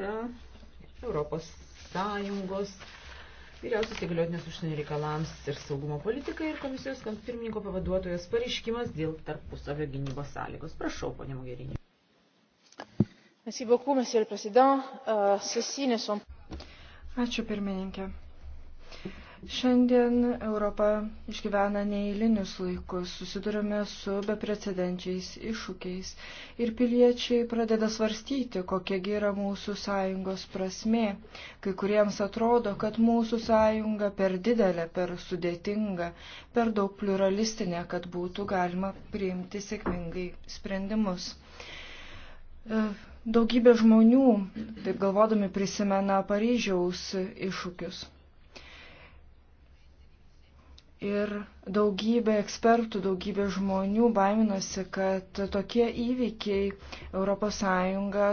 yra Europos Sąjungos vyriausios įgaliotinės užsienio reikalams ir saugumo politikai ir komisijos pirmininko pavaduotojas pareiškimas dėl tarpusavio gynybos sąlygos. Prašau, ponė Mogherini. Euh, Ačiū, pirmininkė. Šiandien Europa išgyvena neįlinius laikus, susidurime su beprecedenčiais iššūkiais ir piliečiai pradeda svarstyti, kokiagi yra mūsų sąjungos prasme. Kai kuriems atrodo, kad mūsų sąjunga per didelė, per sudėtinga, per daug pluralistinė, kad būtų galima priimti sėkmingai sprendimus. E, daugybė žmonių, taip galvodami, prisimena Paryžiaus iššūkius. Ir daugybė ekspertų, daugybė žmonių baiminosi, kad tokie įvykiai ES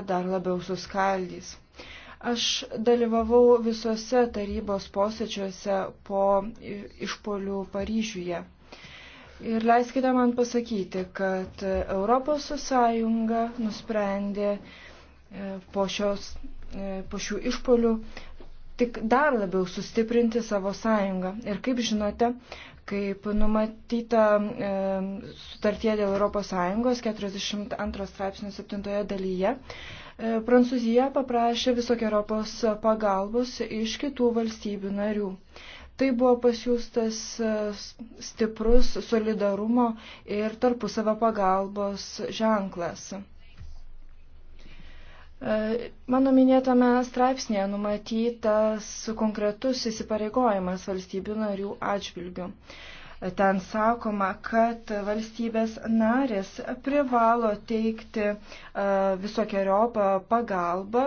dar labiau suskaldys. Aš dalyvavau visuose tarybos posėdžiuose po išpolių Paryžiuje. Ir leiskite man pasakyti, kad ES nusprendė e, po, šios, e, po šių išpolių tik dar labiau sustiprinti savo sąjungą. Ir kaip žinote, kaip numatyta e, sutartie dėl ES 42 straipsnio 7 dalyje, e, Prancūzija paprašė visokiojopos pagalbos iš kitų valstybių narių. Tai buvo pasiūstas e, stiprus solidarumo ir tarpusavio pagalbos ženklas. E, mano minėtame straipsnėje numatytas konkretus įsipareigojimas valstybių narių atžvilgių. E, ten sakoma, kad valstybės narės privalo teikti e, visokiojopą pagalbą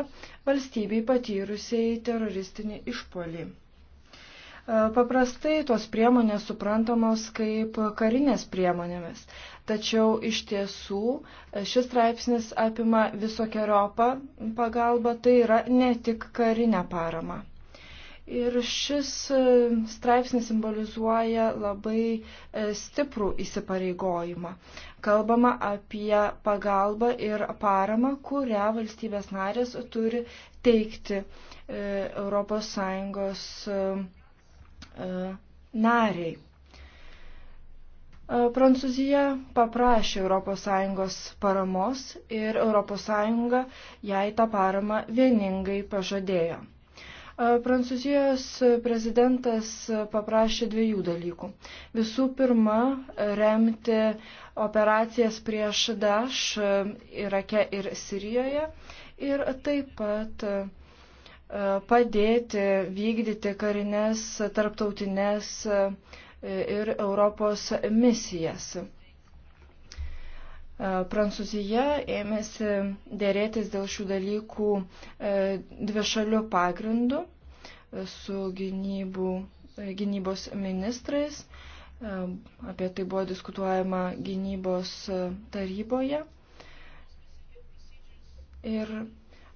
valstybei patyrusiai teroristinį išpolį. Paprastai tos priemonės suprantamos kaip karinės priemonėmis, Tačiau iš tiesų e, šis straipsnis apima visokiojopą pagalbą, tai yra ne tik karinę paramą. Ir šis e, straipsnis simbolizuoja labai e, stiprų įsipareigojimą. Kalbama apie pagalbą ir paramą, kurią valstybės narės turi teikti ES nariai. E, Prancūzija paprašė ES paramos ir ES jai tą paramą vieningai pažadėjo. E, Prancūzijos prezidentas paprašė dviejų dalykų. Visų pirma, remti operacijas prieš Daš e, Irake ir Sirijoje ir taip pat padėti vykdyti karinės tarptautinės ir Europos misijas. E, Prancūzija ėmėsi dėrėtis dėl šių dalykų e, dvišalių pagrindų e, su gynybų, gynybos ministrais. Apie tai buvo diskutuojama gynybos taryboje. Ir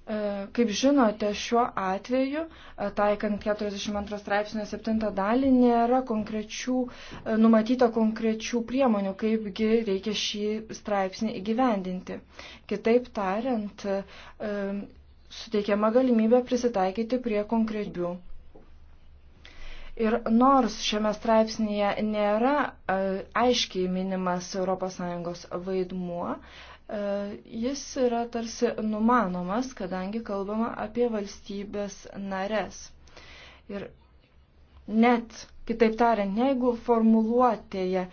E, kaip žinote, šiuo atveju, e, taikant 42 straipsnio 7 dalį, nėra konkrečių, e, numatyta konkrečių priemonių, kaipgi reikia šį straipsnį įgyvendinti. Kitaip tariant, suteikiama galimybė prisitaikyti prie konkrečių. Ir nors šiame straipsnėje nėra aiškiai minimas ES vaidmuo, E, jis yra tarsi numanomas, kadangi kalbama apie valstybės nares. Ir net, kitaip tariant, jeigu formuluotėje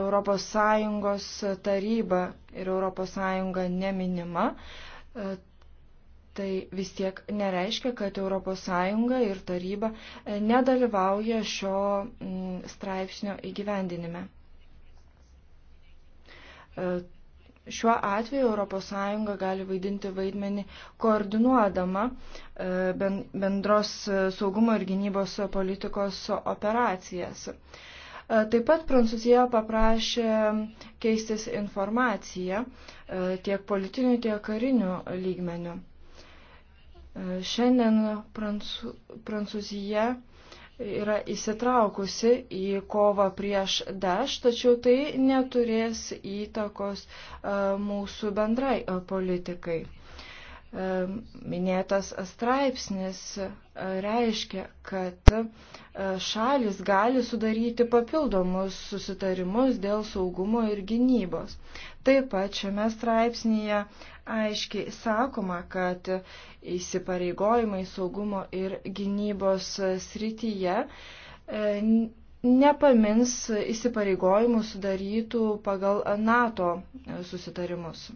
ES taryba ir ES neminima, e, tai vis tiek nereiškia, kad ES ir taryba e, nedalyvauja šio straipsnio įgyvendinime Šiuo atveju ES gali vaidinti vaidmenį koordinuodama e, bendros saugumo ir gynybos politikos operacijas. E, taip pat Prancūzija paprašė keistis informaciją e, tiek politiniu, tiek kariniu lygmeniu. Šiandien Prancūzija yra įsitraukusi į kovą prieš Daš, tačiau tai neturės įtakos e, mūsų bendrai e, politikai. E, minėtas straipsnis e, reiškia, kad e, šalis gali sudaryti papildomus susitarimus dėl saugumo ir gynybos. Taip pat šiame straipsnėje aiškiai sakoma, kad įsipareigojimai saugumo ir gynybos srityje nepamins įsipareigojimų sudarytų pagal NATO susitarimus.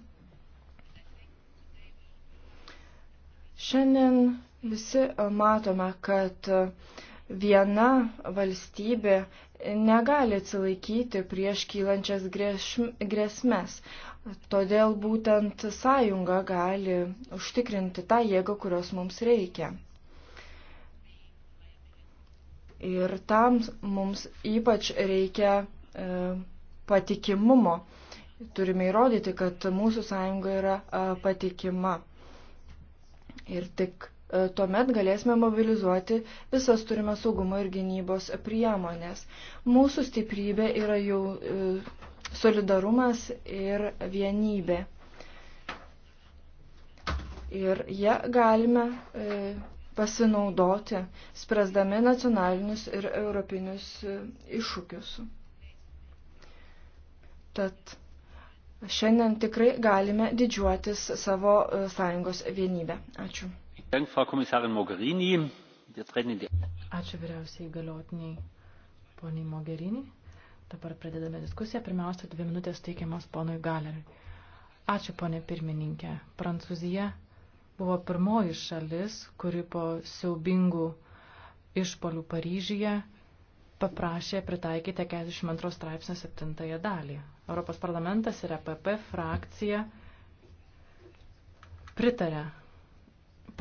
Šiandien visi matome, kad viena valstybė negali atsilaikyti prieš kylančias grėsmes. Todėl būtent sąjunga gali užtikrinti tą jėgą, kurios mums reikia. Ir tam mums ypač reikia e, patikimumo. Turime įrodyti, kad mūsų sąjunga yra e, patikima. Ir tik e, tuomet galėsime mobilizuoti visas turime saugumo ir gynybos priemonės. Mūsų stiprybė yra jau e, solidarumas ir vienybė. Ir ją galime e, pasinaudoti, spręsdami nacionalinius ir europinius iššūkius. Tad Šiandien tikrai galime didžiuotis savo e, sąjungos vienybę. Ačiū. Ačiū vyriausiai galiotiniai poniai Mogherini. Dabar pradedame diskusiją. Pirmiausia, dvi minutės teikiamas ponui Galeriui. Ačiū, ponė pirmininkė. Prancūzija buvo pirmoji šalis, kuri po siaubingų išpolių Paryžyje paprašė pritaikyti 42 straipsnio 7 dalį. Europos parlamentas ir EPP frakcija pritarė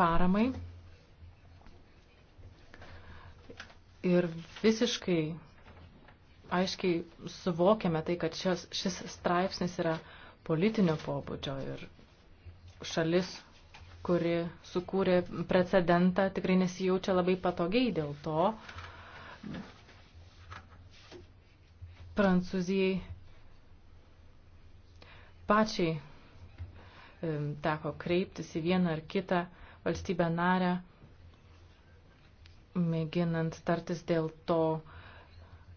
paramai ir visiškai aiškiai suvokiame tai, kad šios, šis straipsnis yra politinio pobūdžio ir šalis, kuri sukūrė precedentą, tikrai nesijaučia labai patogiai dėl to. Prancūzijai pačiai teko kreiptis į vieną ar kitą valstybę narę, mėginant tartis dėl to,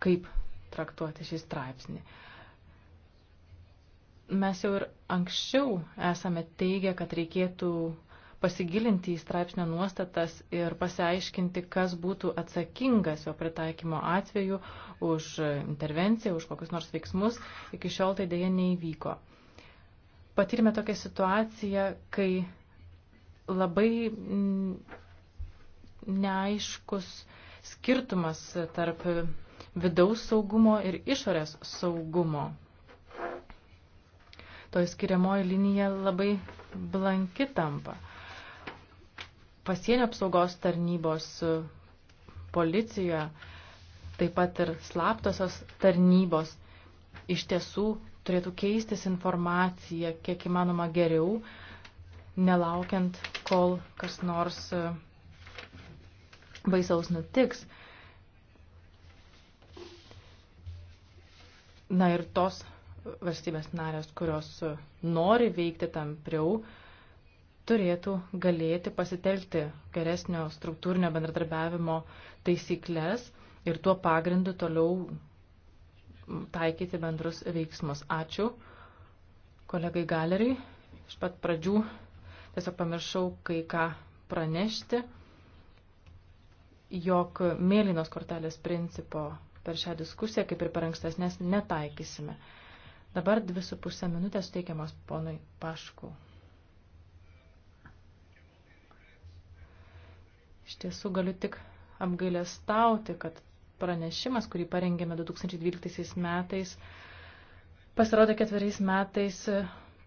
kaip traktuoti šį straipsnį. Mes jau ir anksčiau esame teigę, kad reikėtų pasigilinti į straipsnio nuostatas ir pasiaiškinti, kas būtų atsakingas jo pritaikymo atveju už intervenciją, už kokius nors veiksmus, iki šiol tai dėja neįvyko patyrėme tokią situaciją, kai labai neaiškus skirtumas tarp vidaus saugumo ir išorės saugumo. Toj skiriamoji linija labai blanki tampa. Pasienio apsaugos tarnybos policija, taip pat ir slaptosios tarnybos iš tiesų turėtų keistis informacija kiek įmanoma geriau, nelaukiant, kol kas nors e, baisaus nutiks. Na ir tos valstybės narės, kurios e, nori veikti tampriau, turėtų galėti pasitelkti geresnio struktūrinio bendradarbiavimo taisyklės ir tuo pagrindu toliau taikyti bendrus veiksmus. Ačiū kolegai galeriai. Iš pat pradžių tiesiog pamiršau kai ką pranešti, jog mėlynos kortelės principo per šią diskusiją, kaip ir per ankstesnės, netaikysime. Dabar dvi su pusę minutės teikiamas ponui Paškų. Iš tiesų galiu tik apgailestauti, kad pranešimas, kurį parengėme 2012 metais, pasirodė ketveriais metais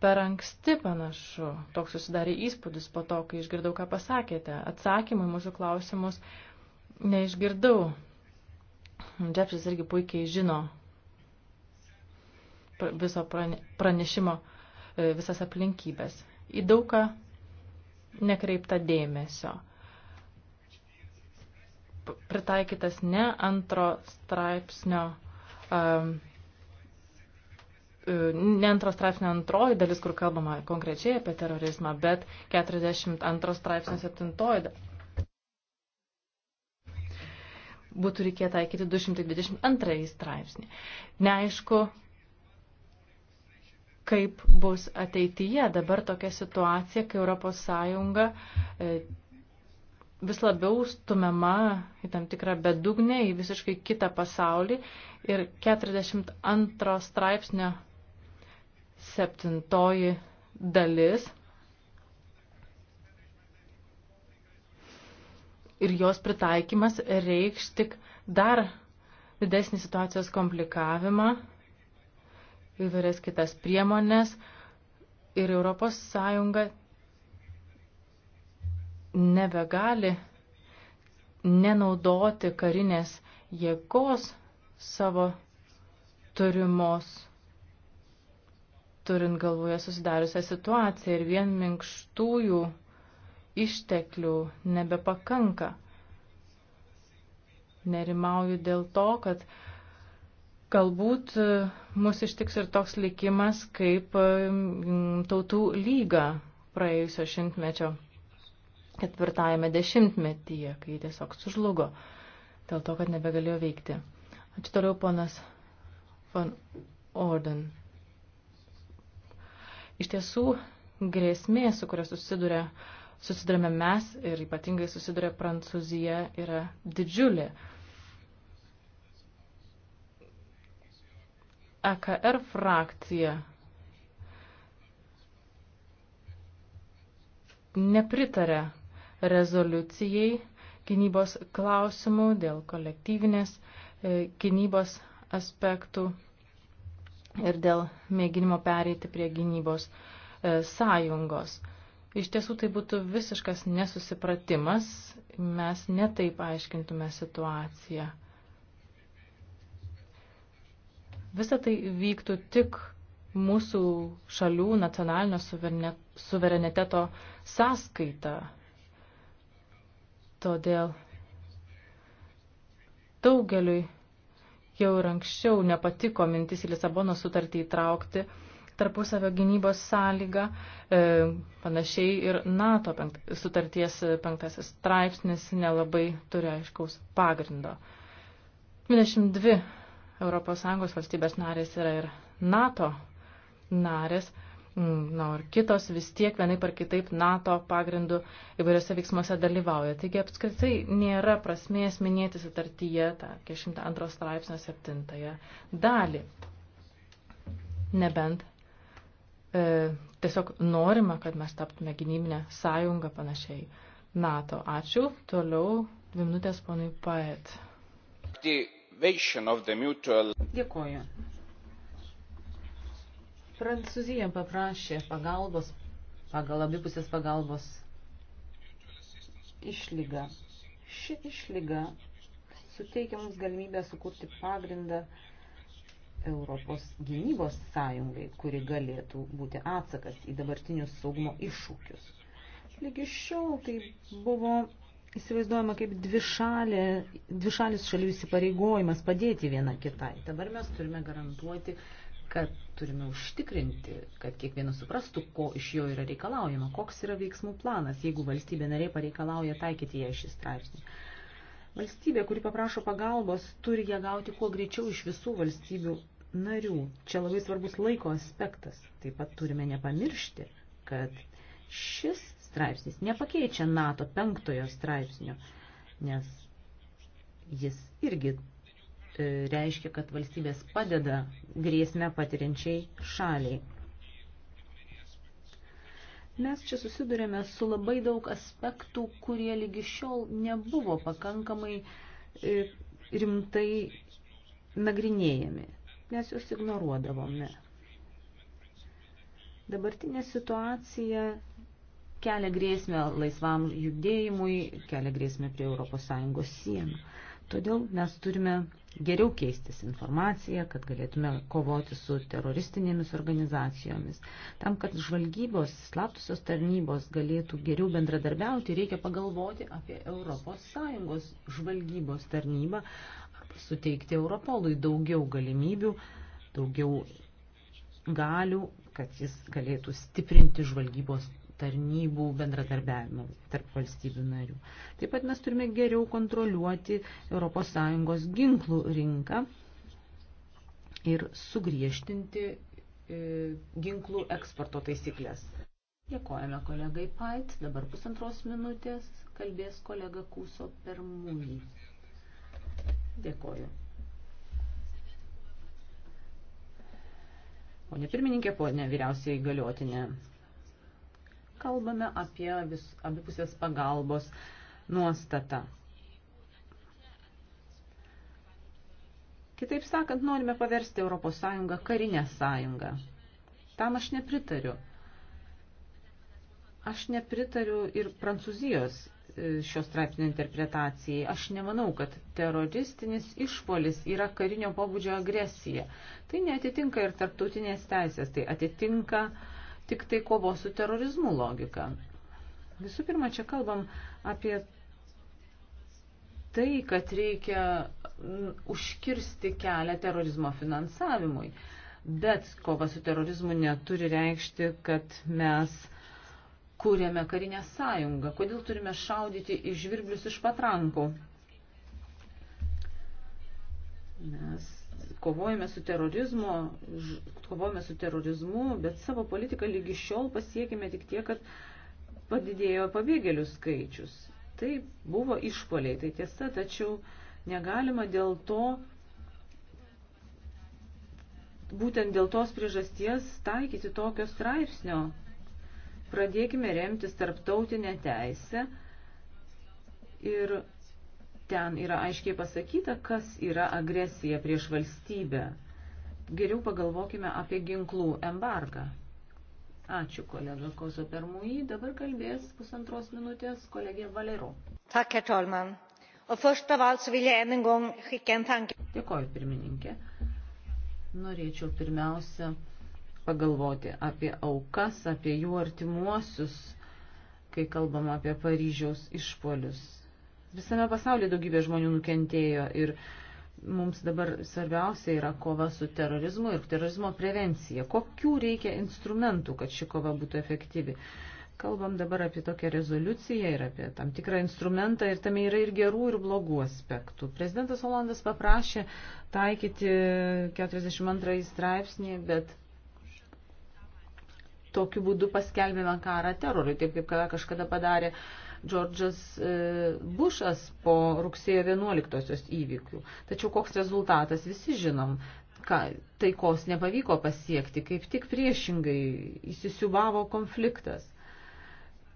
per anksti panašu. Toks susidarė įspūdis po to, kai išgirdau, ką pasakėte. Atsakymai mūsų klausimus neišgirdau. Džepsis irgi puikiai žino viso pranešimo e, visas aplinkybės. Į daugą nekreipta dėmesio pritaikytas ne antro straipsnio. Um, Ne antro straipsnio antroji dalis, kur kalbama konkrečiai apie terorizmą, bet 42 straipsnio septintoji būtų reikėję taikyti 222 straipsnį. Neaišku, kaip bus ateityje dabar tokia situacija, kai Europos Sąjunga e, vis labiau stumiama į tam tikrą bedugnę, į visiškai kitą pasaulį. Ir 42 straipsnio septintoji dalis ir jos pritaikymas reikš tik dar didesnį situacijos komplikavimą, įvairias kitas priemonės ir Europos Sąjunga nebegali nenaudoti karinės jėgos savo turimos, turint galvoje susidariusią situaciją ir vien minkštųjų išteklių nebepakanka. Nerimauju dėl to, kad galbūt mus ištiks ir toks likimas kaip mm, tautų lyga praėjusio šimtmečio ketvirtajame dešimtmetyje, kai tiesiog sužlugo dėl to, kad nebegalėjo veikti. Ačiū toliau ponas Van Orden. Iš tiesų, grėsmė, su kuria susiduria, susidurėme mes ir ypatingai susiduria Prancūzija, yra didžiulė. AKR e frakcija nepritarė rezoliucijai gynybos klausimų, dėl kolektyvinės e, gynybos aspektų ir dėl mėginimo pereiti prie gynybos e, sąjungos. Iš tiesų tai būtų visiškas nesusipratimas, mes netaip aiškintume situaciją. Visa tai vyktų tik mūsų šalių nacionalinio suvereniteto sąskaita Todėl daugeliui jau ir anksčiau nepatiko mintis į Lisabono sutartį įtraukti tarpusavio gynybos sąlygą, e, panašiai ir NATO penkt, sutarties penktasis straipsnis nelabai turi aiškaus pagrindo. 22 ES valstybės narės yra ir NATO narės Mm, na, ir kitos vis tiek vienaip ar kitaip NATO pagrindu įvairiose veiksmuose dalyvauja. Taigi apskritai nėra prasmės minėti sutartyje tą 102 straipsnio 7 dalį. Nebent e, tiesiog norima, kad mes taptume gynybinę sąjungą panašiai NATO. Ačiū. Toliau dvi minutės ponui Paet. Dėkuoju Prancūzija paprašė pagalbos pagal abipusės pagalbos išlygą. Ši išlyga suteikia mums galimybę sukurti pagrindą Europos gynybos sąjungai, kuri galėtų būti atsakas į dabartinius saugumo iššūkius. Lygi šiol tai buvo įsivaizduojama kaip dvišalė, dvišalis šalių įsipareigojimas padėti viena kitai. Dabar mes turime garantuoti kad turime užtikrinti, kad kiekvienas suprastų, ko iš jo yra reikalaujama, koks yra veiksmų planas, jeigu valstybė narė pareikalauja taikyti ją šį straipsnį. Valstybė, kuri paprašo pagalbos, turi ją gauti kuo greičiau iš visų valstybių narių. Čia labai svarbus laiko aspektas. Taip pat turime nepamiršti, kad šis straipsnis nepakeičia NATO penktojo straipsnio, nes jis irgi E, reiškia, kad valstybės padeda grėsmę patiriančiai šaliai. Mes čia susidurėme su labai daug aspektų, kurie lygi šiol nebuvo pakankamai e, rimtai nagrinėjami. Mes juos ignoruodavome. Dabartinė situacija kelia grėsmę laisvam judėjimui, kelia grėsmę prie ES sienų. Todėl mes turime geriau keistis informaciją, kad galėtume kovoti su teroristinėmis organizacijomis. Tam, kad žvalgybos, slaptusios tarnybos galėtų geriau bendradarbiauti, reikia pagalvoti apie ES žvalgybos tarnybą, suteikti Europolui daugiau galimybių, daugiau galių, kad jis galėtų stiprinti žvalgybos tarnybų bendradarbiavimo tarp valstybių narių. Taip pat mes turime geriau kontroliuoti ES ginklų rinką ir sugriežtinti e, ginklų eksporto taisyklės. Dėkojame kolegai Pait. Dabar pusantros minutės kalbės kolega Kūso per mūjį. Dėkoju. Pone pirmininkė, pone vyriausiai galiotinė kalbame apie vis, abipusės pagalbos nuostatą. Kitaip sakant, norime paversti ES karinę sąjungą. Tam aš nepritariu. Aš nepritariu ir Prancūzijos e, šio straipsnio interpretacijai. Aš nemanau, kad teroristinis išpolis yra karinio pobūdžio agresija. Tai netitinka ir tarptautinės teisės, tai atitinka uh, tik tai kovos su terorizmu logika. Visų pirma, čia kalbam apie tai, kad reikia užkirsti kelią terorizmo finansavimui. Bet kova su terorizmu neturi reikšti, kad mes kūrėme karinę sąjungą. Kodėl turime šaudyti į žvirblius iš patrankų? Mes kovojame su terorizmu, kovojame su terorizmu, bet savo politiką lygi šiol pasiekime tik tiek, kad padidėjo pabėgėlių skaičius. Tai buvo išpoliai, tai tiesa, tačiau negalima dėl to, būtent dėl tos priežasties taikyti tokio straipsnio. Pradėkime remtis tarptautinę teisę ir Ten yra aiškiai pasakyta, kas yra agresija prieš valstybę. Geriau pagalvokime apie ginklų embargą. Ačiū kolega Koso Permui. Dabar kalbės pusantros minutės kolegė Valero. Tak, herr talman. Och först av allt så vill jag än en gång skicka en tanke. Dėkoju, pirmininkė. Norėčiau pirmiausia pagalvoti apie aukas, apie jų artimuosius, kai kalbam apie Paryžiaus išpolius. Visame pasaulyje daugybė žmonių nukentėjo ir mums dabar svarbiausia yra kova su terorizmu ir terorizmo prevencija. Kokių reikia instrumentų, kad ši kova būtų efektyvi? Kalbam dabar apie tokią rezoliuciją ir apie tam tikrą instrumentą ir tame yra ir gerų, ir blogų aspektų. Prezidentas Olandas paprašė taikyti 42 straipsnį, bet tokiu būdu paskelbėme karą terorui, taip kaip kažkada padarė uh, Džordžas e, Bušas po rugsėjo 11 įvykių. Tačiau koks rezultatas visi žinom. Ką, taikos nepavyko pasiekti, kaip tik priešingai įsisiubavo konfliktas.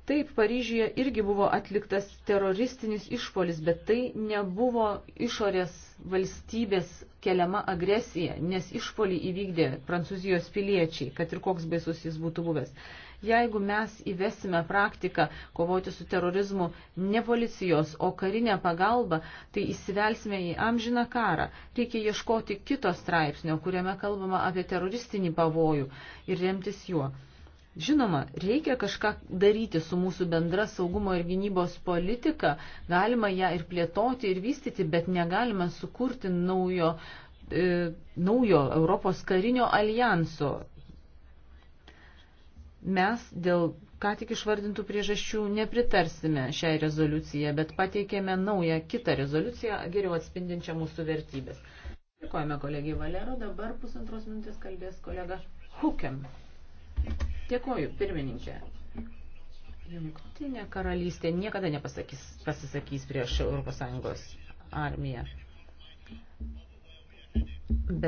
Taip, Paryžyje irgi buvo atliktas teroristinis išpolis, bet tai nebuvo išorės valstybės keliama agresija, nes išpolį įvykdė prancūzijos piliečiai, kad ir koks baisus jis būtų buvęs. Jeigu mes įvesime praktiką kovoti su terorizmu ne policijos, o karinę pagalbą, tai įsivelsime į amžiną karą. Reikia ieškoti kito straipsnio, kuriame kalbama apie teroristinį pavojų ir remtis juo. Žinoma, reikia kažką daryti su mūsų bendra saugumo ir gynybos politika, galima ją ir plėtoti, ir vystyti, bet negalime sukurti naujo, e, naujo Europos karinio alijanso. Mes dėl ką tik išvardintų priežasčių nepritarsime šiai rezoliucijai, bet pateikėme naują kitą rezoliuciją, geriau atspindinčią mūsų vertybės. Dėkojame kolegijai Valero, dabar pusantros minutės kalbės kolega Hukem. Dėkoju, pirmininkė. Jungtinė karalystė niekada nepasakys, pasisakys prieš ES armiją.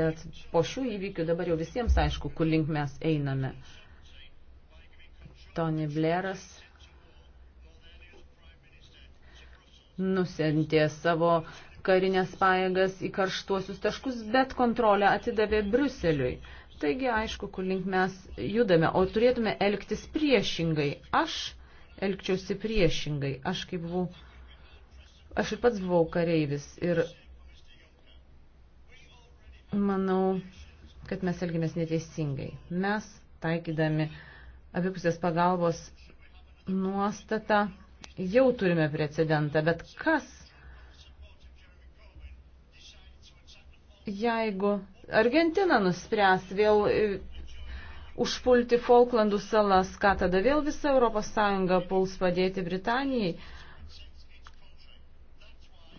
Bet po šių įvykių dabar jau visiems aišku, kur link mes einame. Tony Blairas nusentė savo karinės pajėgas į karštuosius taškus, bet kontrolę atidavė Bruseliui. Taigi, aišku, kur link mes judame, o turėtume elgtis priešingai. Aš elgčiausi priešingai. Aš kaip buvau, aš ir pats buvau kareivis ir manau, kad mes elgiamės neteisingai. Mes taikydami uh, abipusės pagalbos nuostatą jau turime precedentą, bet kas, jeigu Argentina nuspręs vėl e, užpulti Falklandų salas, ką tada vėl visa Europos Sąjunga puls padėti Britanijai.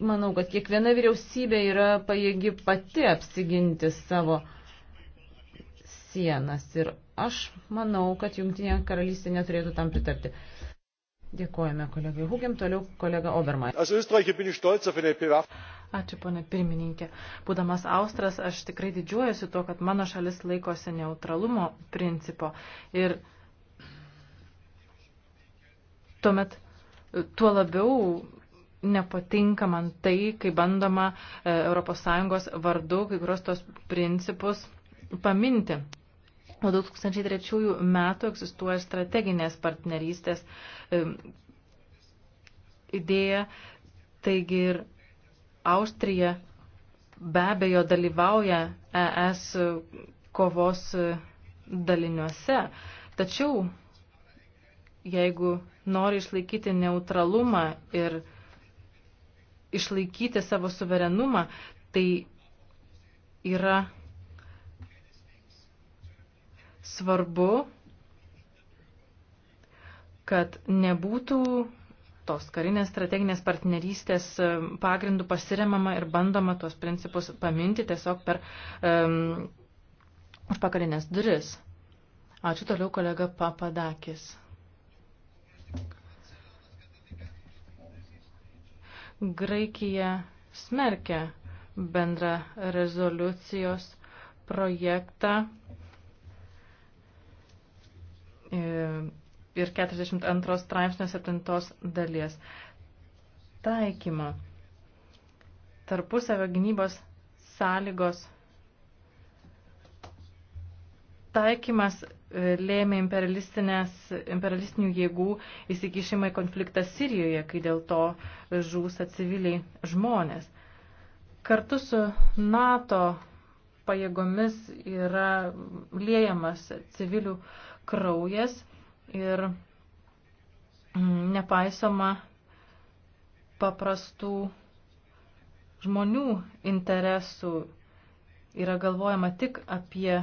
Manau, kad kiekviena vyriausybė yra pajėgi pati apsiginti savo sienas ir Aš manau, kad Junktinė karalystė neturėtų tam pritarti. Dėkojame kolegai Hugim, toliau kolega Obermai. Ačiū, ponė pirmininkė. Būdamas Austras, aš tikrai didžiuojuosi tuo, kad mano šalis laikosi neutralumo principo. Ir tuomet tuo labiau nepatinka man tai, kai bandoma ES vardu kai kurios tos principus paminti. Nuo 2003 metų egzistuoja strateginės partnerystės idėja, taigi ir Austrija be abejo dalyvauja ES kovos daliniuose. Tačiau, jeigu nori išlaikyti neutralumą ir išlaikyti savo suverenumą, tai yra Svarbu, kad nebūtų tos karinės strateginės partnerystės e, pagrindų pasiremama ir bandoma tuos principus paminti tiesiog per um, užpakalinės duris. Ačiū toliau kolega Papadakis. Graikija smerkia bendrą rezoliucijos projektą ir 42 straipsnio 7 dalies taikymą. Tarpusavio gynybos sąlygos taikymas e, lėmė imperialistinių jėgų įsikišimą į konfliktą Sirijoje, kai dėl to žūsta civiliai žmonės. Kartu su NATO pajėgomis yra liejamas civilių kraujas ir mm, nepaisoma paprastų žmonių interesų yra galvojama tik apie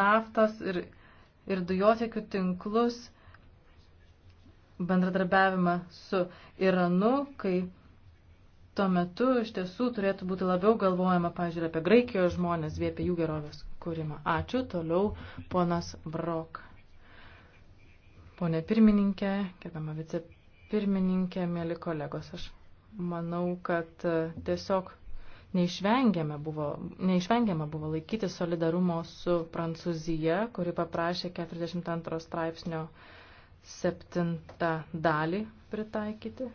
naftos ir, ir dujotiekių tinklus bendradarbiavimą su Iranu, kai tuo metu iš tiesų turėtų būti labiau galvojama, pažiūrėjau, apie Graikijos žmonės, bei apie jų gerovės kūrimą. Ačiū. Toliau ponas Brok. Pone pirmininkė, gerbama vicepirmininkė, mėly kolegos, aš manau, kad e, tiesiog neišvengiama buvo, neišvengiama buvo laikyti solidarumo su Prancūzija, kuri paprašė 42 straipsnio septintą dalį pritaikyti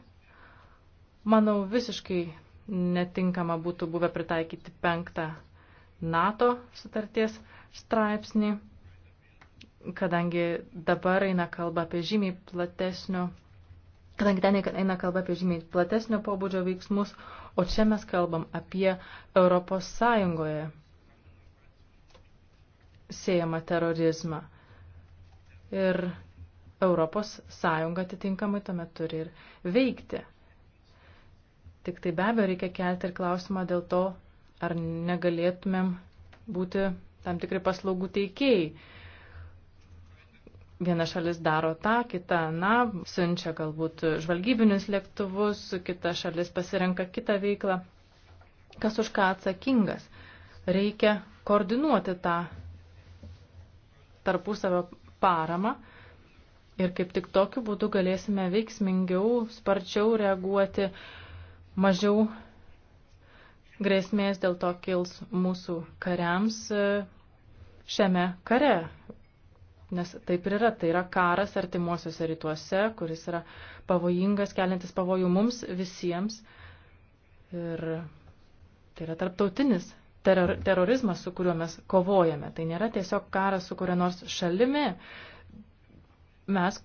Manau, visiškai netinkama būtų buvę pritaikyti penktą NATO sutarties straipsnį, kadangi dabar eina kalba apie žymiai platesnio, kadangi ten eina kalba apie žymiai platesnio pobūdžio veiksmus, o čia mes kalbam apie Europos Sąjungoje siejama terorizmą. Ir Europos Sąjunga atitinkamai tuomet turi ir veikti. Tik tai be abejo reikia kelti ir klausimą dėl to, ar negalėtumėm būti tam tikri paslaugų teikėjai. Viena šalis daro tą, kita, na, siunčia galbūt žvalgybinius lėktuvus, kita šalis pasirenka kitą veiklą. Kas už ką atsakingas? Reikia koordinuoti tą tarpusavio paramą ir kaip tik tokiu būdu galėsime veiksmingiau, sparčiau reaguoti uh, mažiau grėsmės dėl to kils mūsų kariams e, šiame kare. Nes taip ir yra, tai yra karas artimuosiuose rytuose, kuris yra pavojingas, keliantis pavojų mums visiems. Ir tai yra tarptautinis teror, terorizmas, su kuriuo mes kovojame. Tai nėra tiesiog karas su kuria nors šalimi. Mes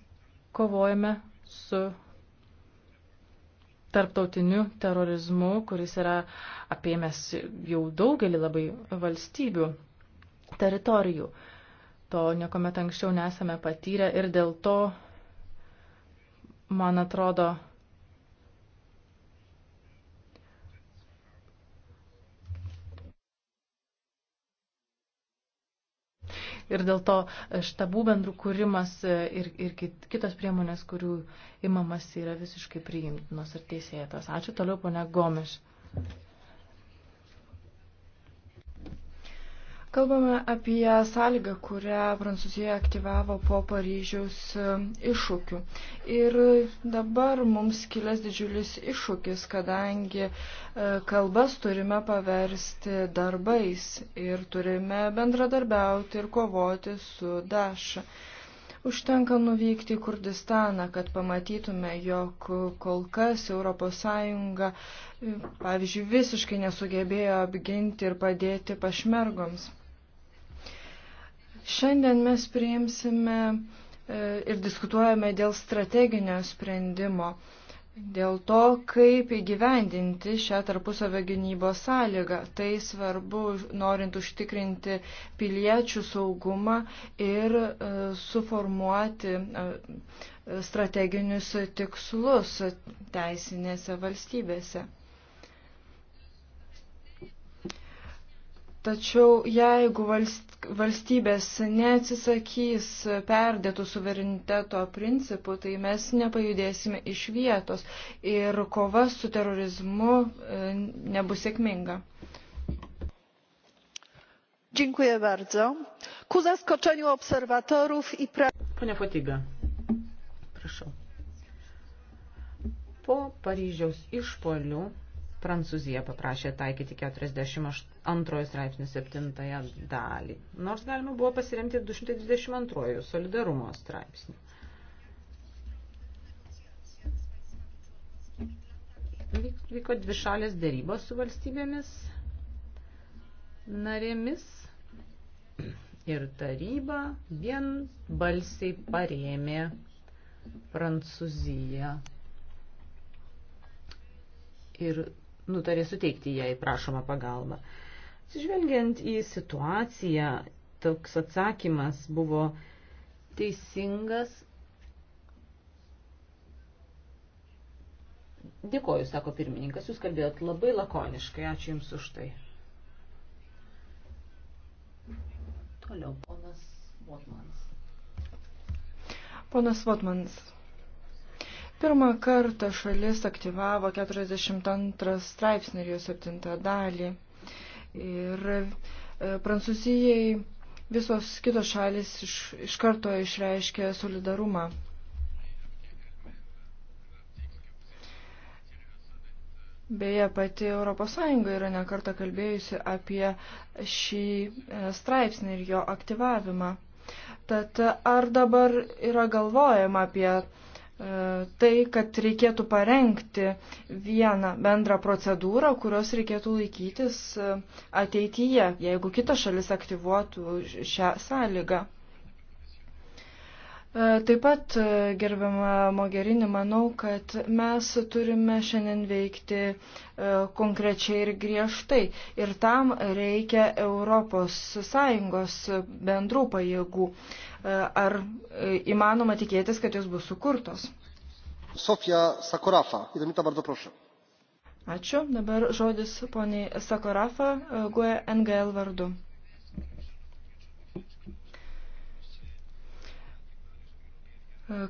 kovojame su tarptautiniu terorizmu, kuris yra apėmęs jau daugelį labai valstybių teritorijų. To niekuomet anksčiau nesame patyrę ir dėl to, man atrodo, ir dėl to štabų bendrų kūrimas ir, ir kitos priemonės, kurių imamas yra visiškai priimtinos ir teisėtos. Ačiū toliau, ponia Gomiš. Kalbame apie sąlygą, kurią Prancūzija aktyvavo po Paryžiaus e, iššūkių. Ir dabar mums kilęs didžiulis iššūkis, kadangi e, kalbas turime paversti darbais ir turime bendradarbiauti ir kovoti su Daša. Užtenka nuvykti į Kurdistaną, kad pamatytume, jog kol kas ES, e, pavyzdžiui, visiškai nesugebėjo apginti ir padėti pašmergoms. Šiandien mes priimsime e, ir diskutuojame dėl strateginio sprendimo, dėl to, kaip įgyvendinti šią tarpusavio gynybos sąlygą. Tai svarbu, norint užtikrinti piliečių saugumą ir e, suformuoti e, strateginius tikslus teisinėse valstybėse. Tačiau jeigu valstybės neatsisakys perdėtų suvereniteto principų, tai mes nepajudėsime iš vietos ir kova su terorizmu e, nebus sėkminga. Dziękuję bardzo. Ku zaskoczeniu obserwatorów i pra... Panie Fotiga, proszę. Po Paryžiaus išpolių Prancūzija paprašė taikyti 42 straipsnių 7 dalį, nors galima buvo pasiremti 222 solidarumo straipsnių. Vyko dvi šalės dėrybos su valstybėmis narėmis ir taryba vien balsiai parėmė Prancūziją ir nutarė suteikti jai prašomą pagalbą. Atsižvelgiant į situaciją, toks atsakymas buvo teisingas. Dėkoju, sako pirmininkas, jūs kalbėjot labai lakoniškai, ačiū Jums už tai. Toliau, ponas Votmans. Ponas Votmans. Pirmą kartą šalis aktyvavo 42 straipsnį ir jo 7 dalį. Ir e, Prancūzijai visos kitos šalis iš, iš karto išreiškė solidarumą. Beje, pati ES yra nekarta kalbėjusi apie šį e, straipsnį ir jo aktyvavimą. Tad ar dabar yra galvojama apie tai, kad reikėtų parengti vieną bendrą procedūrą, kurios reikėtų laikytis ateityje, jeigu kita šalis aktyvuotų šią sąlygą. E, taip pat, e, gerbiama Mogerini, manau, kad mes turime šiandien veikti e, konkrečiai ir griežtai. Ir tam reikia ES bendrų pajėgų. Ar įmanoma tikėtis, kad jos bus sukurtos? Sofija Sakorafa, įdomita, bardzo prošau. Ačiū. Dabar žodis poniai Sakorafa, GUE NGL vardu.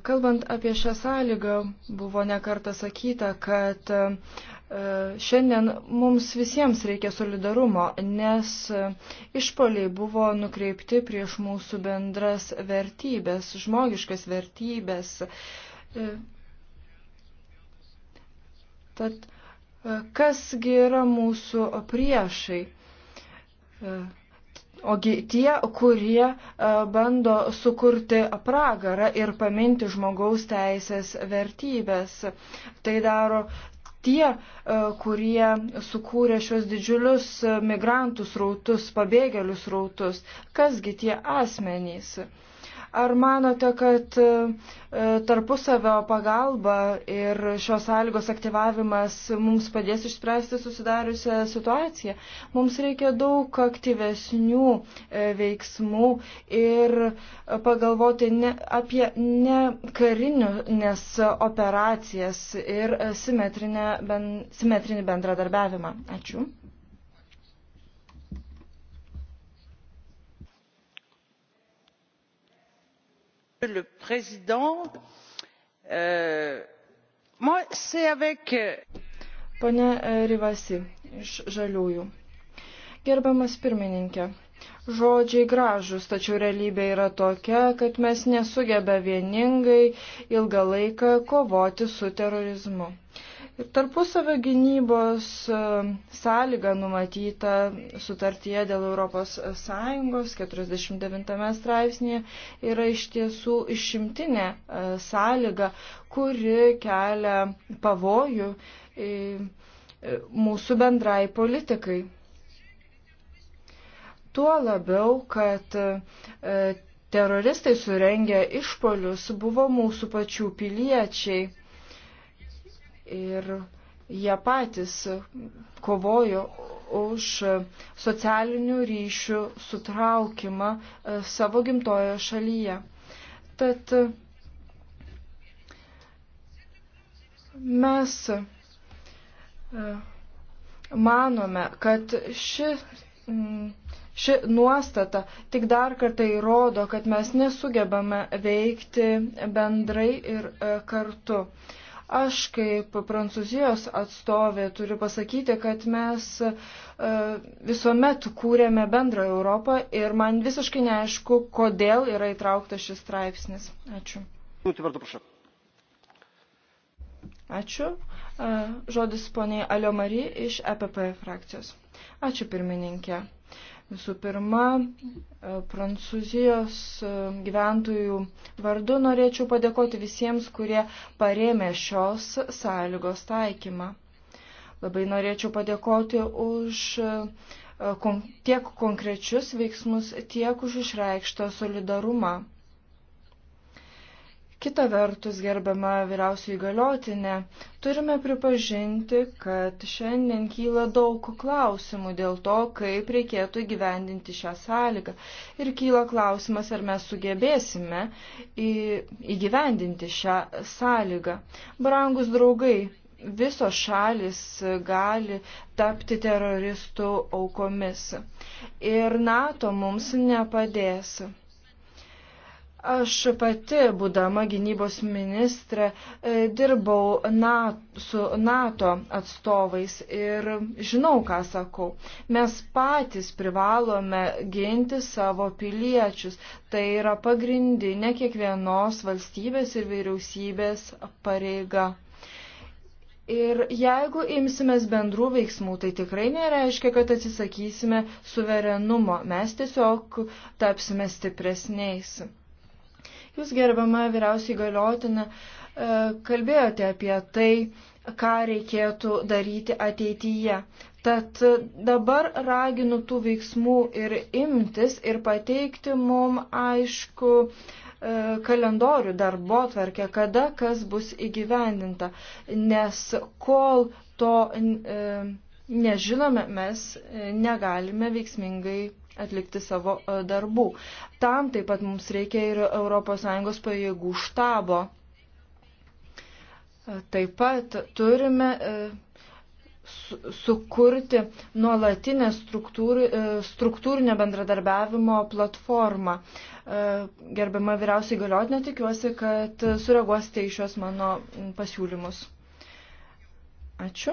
Kalbant apie šią sąlygą, buvo nekarta sakyta, kad e, šiandien mums visiems reikia solidarumo, nes e, išpoliai buvo nukreipti prieš mūsų bendras vertybės, žmogiškas vertybės. E, tad kasgi yra mūsų priešai? Ogi tie, kurie e, bando sukurti pragarą ir paminti žmogaus teisės vertybės. Tai daro tie, e, kurie sukūrė šios didžiulius e, migrantų srautus, pabėgėlių srautus. Kasgi tie asmenys? Ar manote, kad e, tarpusavio pagalba ir šios sąlygos aktyvavimas mums padės išspręsti susidariusią situaciją? Mums reikia daug aktyvesnių e, veiksmų ir e, pagalvoti ne, apie ne karinės operacijas ir simetrinį bendradarbiavimą. Ačiū. monsieur le président euh, c'est avec. Euh, pone euh, rivasi iš žaliųjų. Gerbiamas pirmininkė, žodžiai gražus, tačiau realybė yra tokia, kad mes nesugeba vieningai ilgą laiką kovoti su terorizmu. Tarpusavio gynybos e, sąlyga numatyta sutartyje dėl ES 49 straipsnėje yra iš tiesų išimtinė e, sąlyga, kuri kelia pavojų e, mūsų bendrai politikai. Tuo labiau, kad teroristai surengė išpolius buvo mūsų pačių piliečiai ir jie patys kovojo už socialinių ryšių sutraukimą e, savo gimtojoje šalyje. Tad mes e, manome, kad ši Ši nuostata tik dar kartą įrodo, kad mes nesugebame veikti bendrai ir e, kartu. Aš kaip Prancūzijos atstovė turiu pasakyti, kad mes e, visuomet kūrėme bendrą Europą ir man visiškai neaišku, kodėl yra įtrauktas šis straipsnis. Ačiū. Ačiū. E, žodis poniai Alio Mari iš EPP frakcijos. Ačiū pirmininkė. Visų pirma, e, Prancūzijos e, gyventojų vardu norėčiau padėkoti visiems, kurie parėmė šios sąlygos taikymą. Labai norėčiau padėkoti už e, tiek konkrečius veiksmus, tiek už išreikštą solidarumą. Kita vertus, gerbama vyriausiai galiotinė, turime pripažinti, kad šiandien kyla daug klausimų dėl to, kaip reikėtų įgyvendinti šią sąlygą. Ir kyla klausimas, ar mes sugebėsime įgyvendinti šią sąlygą. Brangus draugai, visos šalis gali tapti teroristų aukomis. Ir NATO mums nepadės. Aš pati, būdama gynybos ministrė, e, dirbau NATO, su NATO atstovais ir žinau, ką sakau. Mes patys privalome ginti savo piliečius. Tai yra pagrindinė kiekvienos valstybės ir vyriausybės pareiga. Ir jeigu imsimės bendrų veiksmų, tai tikrai nereiškia, kad atsisakysime suverenumo. Mes tiesiog tapsime stipresniais. Jūs, gerbama vyriausiai galiotinė, e, kalbėjote apie tai, ką reikėtų daryti ateityje. Tad dabar raginu tų veiksmų ir imtis ir pateikti mum aišku e, kalendorių darbo tvarkę, kada kas bus įgyvendinta. Nes kol to e, nežinome, mes negalime veiksmingai atlikti savo e, darbų. Tam taip pat mums reikia ir ES pajėgų štabo. E, taip pat turime e, sukurti nuolatinę struktūrinę bendradarbiavimo platformą. Gerbiama vyriausiai galiotinė, tikiuosi, kad sureaguosite į šios mano pasiūlymus. Ačiū.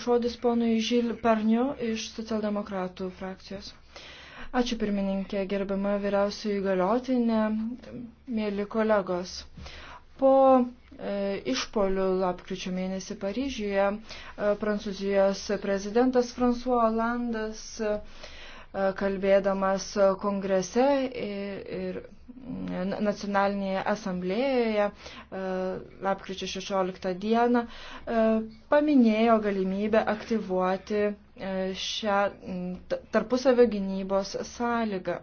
Žodis ponui Žil Parniu iš socialdemokratų frakcijos. Ačiū pirmininkė, gerbama vyriausiųjų galiotinė, mėly kolegos. Po e, išpolių lapkričio mėnesį Paryžiuje e, Prancūzijos prezidentas François Hollandas e, kalbėdamas kongrese ir, ir nacionalinėje asamblėjoje e, lapkričio 16 dieną e, paminėjo galimybę aktyvuoti e, šią tarpusavio gynybos sąlygą.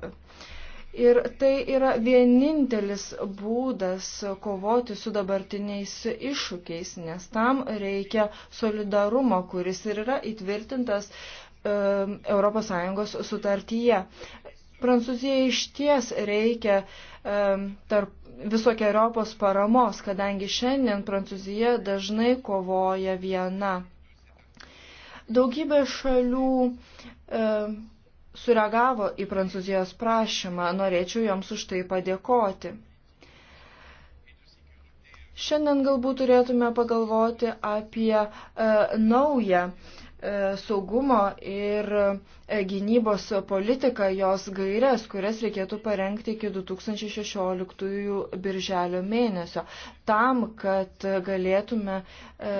Ir tai yra vienintelis būdas kovoti su dabartiniais iššūkiais, nes tam reikia solidarumo, kuris ir yra įtvirtintas ES sutartyje. Prancūzijai iš ties reikia um, tarp visokiojopos paramos, kadangi šiandien Prancūzija dažnai kovoja viena. Daugybė šalių um, sureagavo į Prancūzijos prašymą, norėčiau joms už tai padėkoti. Šiandien galbūt turėtume pagalvoti apie uh, naują uh, E, saugumo ir e, gynybos politiką, jos gairias, kurias reikėtų parengti iki 2016 birželio mėnesio, tam, kad galėtume e,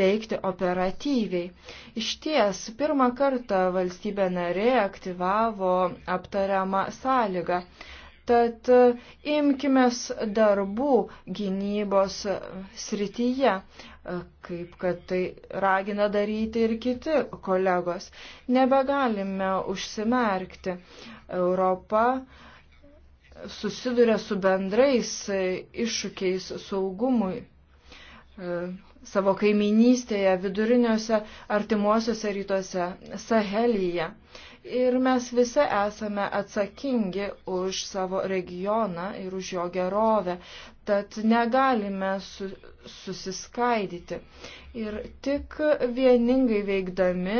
veikti operatyviai. Iš ties, pirmą kartą valstybė narė aktyvavo aptariamą sąlygą. Tad imkime darbų gynybos srityje, kaip kad tai ragina daryti ir kiti kolegos. Nebegalime užsimerkti. Europa susiduria su bendrais iššūkiais saugumui savo kaiminystėje, viduriniuose, artimuosiuose rytuose, Sahelyje. Ir mes visi esame atsakingi už savo regioną ir už jo gerovę, tad negalime su, susiskaidyti. Ir tik vieningai veikdami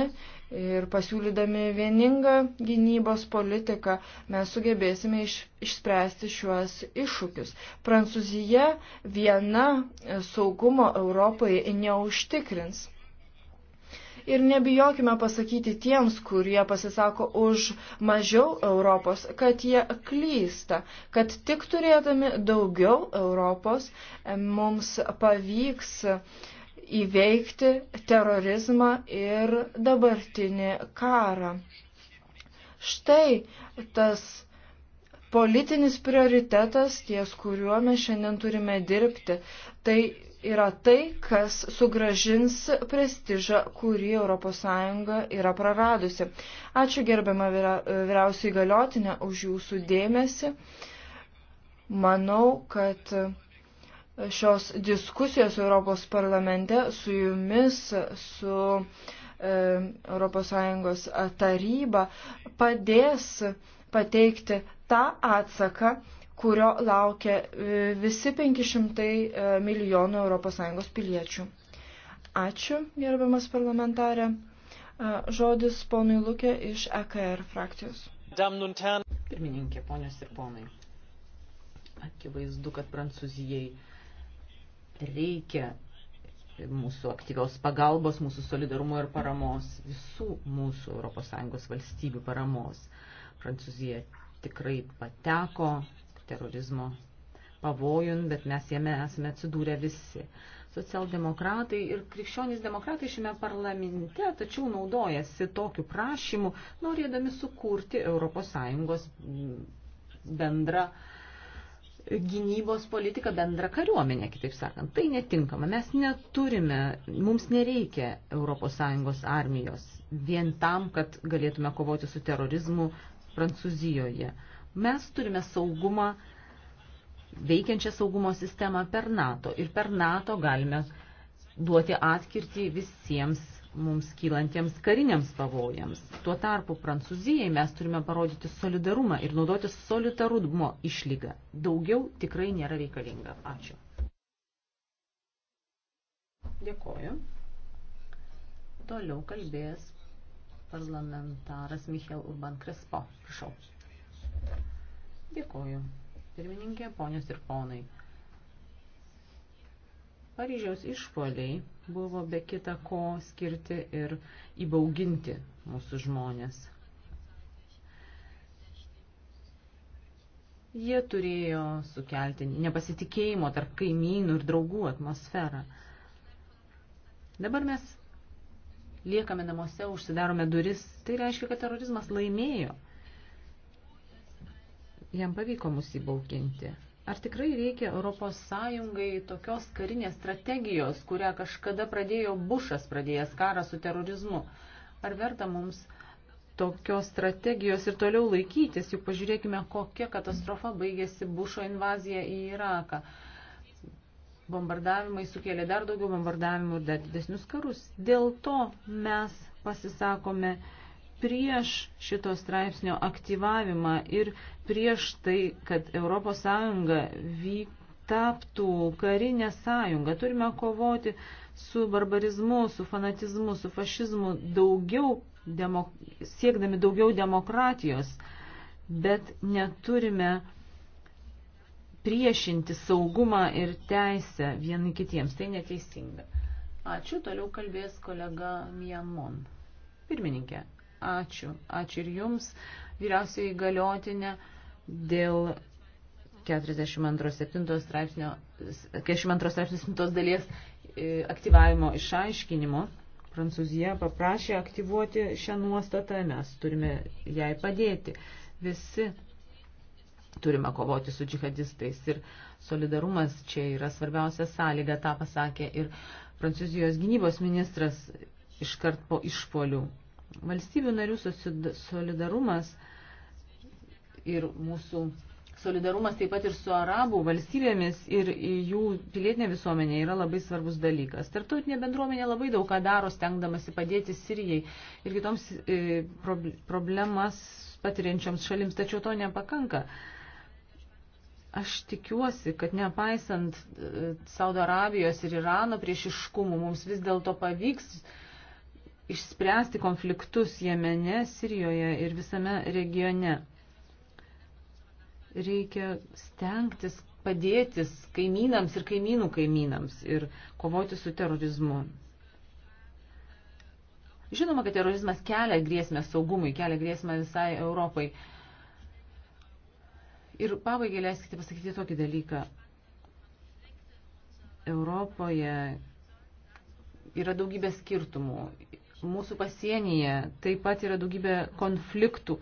Ir pasiūlydami vieningą gynybos politiką mes sugebėsime iš, išspręsti šiuos iššūkius. Prancūzija viena saugumo Europoje neužtikrins. Ir nebijokime pasakyti tiems, kurie pasisako už mažiau Europos, kad jie klysta, kad tik turėdami daugiau Europos mums pavyks uh, įveikti terorizmą ir dabartinį karą. Štai tas politinis prioritetas, ties kuriuo mes šiandien turime dirbti, tai yra tai, kas sugražins prestižą, kurį ES yra praradusi. Ačiū gerbiamą vyriausiai galiotinę už jūsų dėmesį. Manau, kad šios diskusijos Europos parlamente su jumis, su ES taryba padės pateikti tą atsaką, kurio laukia e, visi 500 e, milijonų ES piliečių. Ačiū, gerbiamas parlamentarė. E, žodis ponui Lukė iš EKR frakcijos. Pirmininkė, ponios ir ponai. Akivaizdu, kad prancūzijai Reikia mūsų aktyvios pagalbos, mūsų solidarumo ir paramos, visų mūsų ES valstybių paramos. Prancūzija tikrai pateko terorizmo pavojun, bet mes jame esame atsidūrę visi. Socialdemokratai ir krikščionys demokratai šiame parlamente tačiau naudojasi tokiu prašymu, norėdami sukurti ES bendrą uh, gynybos politiką, bendrą kariuomenę, kitaip sakant. Tai netinkama. Mes neturime, mums nereikia ES armijos vien tam, kad galėtume kovoti su terorizmu Prancūzijoje. Mes turime saugumą, veikiančią saugumo sistemą per NATO ir per NATO galime duoti atkirtį visiems mums kylantiems kariniams pavojams. Tuo tarpu Prancūzijai mes turime parodyti solidarumą ir naudoti solidarumo išlygą. Daugiau tikrai nėra reikalinga. Ačiū. Dėkoju. Toliau kalbės parlamentaras Michel Urban Krespo. Prašau. Dėkoju. Pirmininkė, ponios ir ponai. Paryžiaus išpoliai buvo be kita ko skirti ir įbauginti mūsų žmonės. Jie turėjo sukelti nepasitikėjimo tarp kaimynų ir draugų atmosferą. Dabar mes liekame namuose, užsidarome duris. Tai reiškia, kad terorizmas laimėjo. Jam pavyko mus įbauginti. Ar tikrai reikia Europos Sąjungai tokios karinės strategijos, kurią kažkada pradėjo Bušas pradėjęs karą su terorizmu? Ar verta mums tokios strategijos ir toliau laikytis? Juk pažiūrėkime, kokia katastrofa baigėsi Bušo invazija į Iraką. Bombardavimai sukėlė dar daugiau bombardavimų ir dar didesnius karus. Dėl to mes pasisakome prieš šito straipsnio aktyvavimą ir prieš tai, kad ES taptų karinę sąjungą. Turime kovoti su barbarizmu, su fanatizmu, su fašizmu, daugiau demok siekdami daugiau demokratijos, bet neturime priešinti saugumą ir teisę vieni kitiems. Tai neteisinga. Ačiū, toliau kalbės kolega Mianmon. Pirmininkė, Ačiū. Ačiū ir jums, vyriausiai įgaliotinė, dėl 42 straipsnio, 42 straipsnio 7 dalies e, aktyvavimo išaiškinimo. Prancūzija paprašė aktyvuoti šią nuostatą, mes turime jai padėti. Visi turime kovoti su džihadistais ir solidarumas čia yra svarbiausia sąlyga, tą pasakė ir Prancūzijos gynybos ministras iškart po išpolių Valstybių narių solidarumas ir mūsų solidarumas taip pat ir su arabų valstybėmis ir jų pilietinė visuomenė yra labai svarbus dalykas. Tartautinė bendruomenė labai daug ką daro, stengdamasi padėti Sirijai ir kitoms e, problemas patiriančioms šalims, tačiau to nepakanka. Aš tikiuosi, kad nepaisant e, Saudo Arabijos ir Irano priešiškumų, mums vis dėlto pavyks uh, išspręsti konfliktus Jemene, Sirijoje ir visame regione. Reikia stengtis padėtis kaimynams ir kaimynų kaimynams ir kovoti su terorizmu. Žinoma, kad terorizmas kelia grėsmę saugumui, kelia grėsmę visai Europai. Ir pabaigai leiskite pasakyti tokį dalyką. Europoje yra daugybė skirtumų mūsų pasienyje taip pat yra daugybė konfliktų.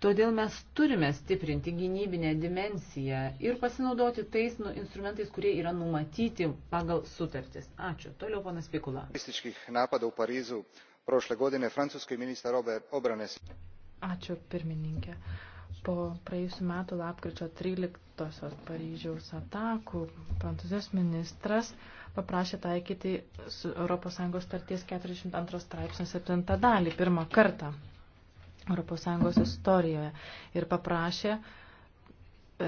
Todėl mes turime stiprinti gynybinę dimensiją ir pasinaudoti tais nu, instrumentais, kurie yra numatyti pagal sutartis. Ačiū. Toliau ponas Pikula. Ačiū pirmininkė. Po praėjusiu metu lapkričio 13-osios Paryžiaus atakų prancūzijos ministras uh, paprašė taikyti su ES starties 42 straipsnio 7 dalį pirmą kartą ES istorijoje ir paprašė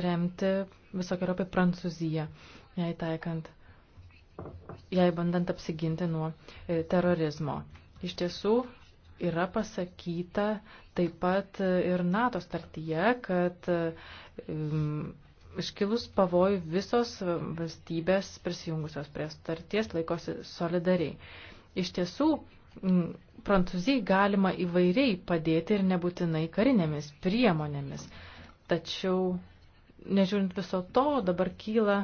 remti visokiojopai Prancūziją, jai taikant, jai bandant apsiginti nuo e, terorizmo. Iš tiesų, yra pasakyta taip pat e, ir NATO startyje, kad um, iškilus pavojų visos valstybės prisijungusios prie starties laikosi solidariai. Iš tiesų, Prancūzijai galima įvairiai padėti ir nebūtinai karinėmis priemonėmis. Tačiau, nežiūrint viso to, dabar kyla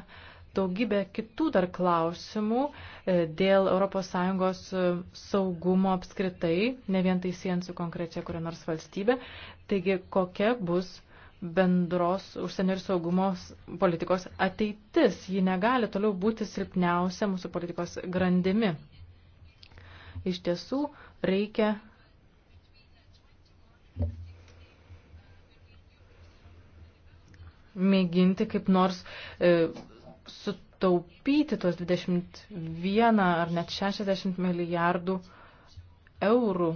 daugybė kitų dar klausimų e, dėl ES e, saugumo apskritai, ne vien tai siejant su konkrečia kuria nors valstybė. Taigi, kokia bus bendros užsienio ir saugumos politikos ateitis. Ji negali toliau būti silpniausia mūsų politikos grandimi. Iš tiesų reikia mėginti kaip nors e, sutaupyti tuos 21 ar net 60 milijardų eurų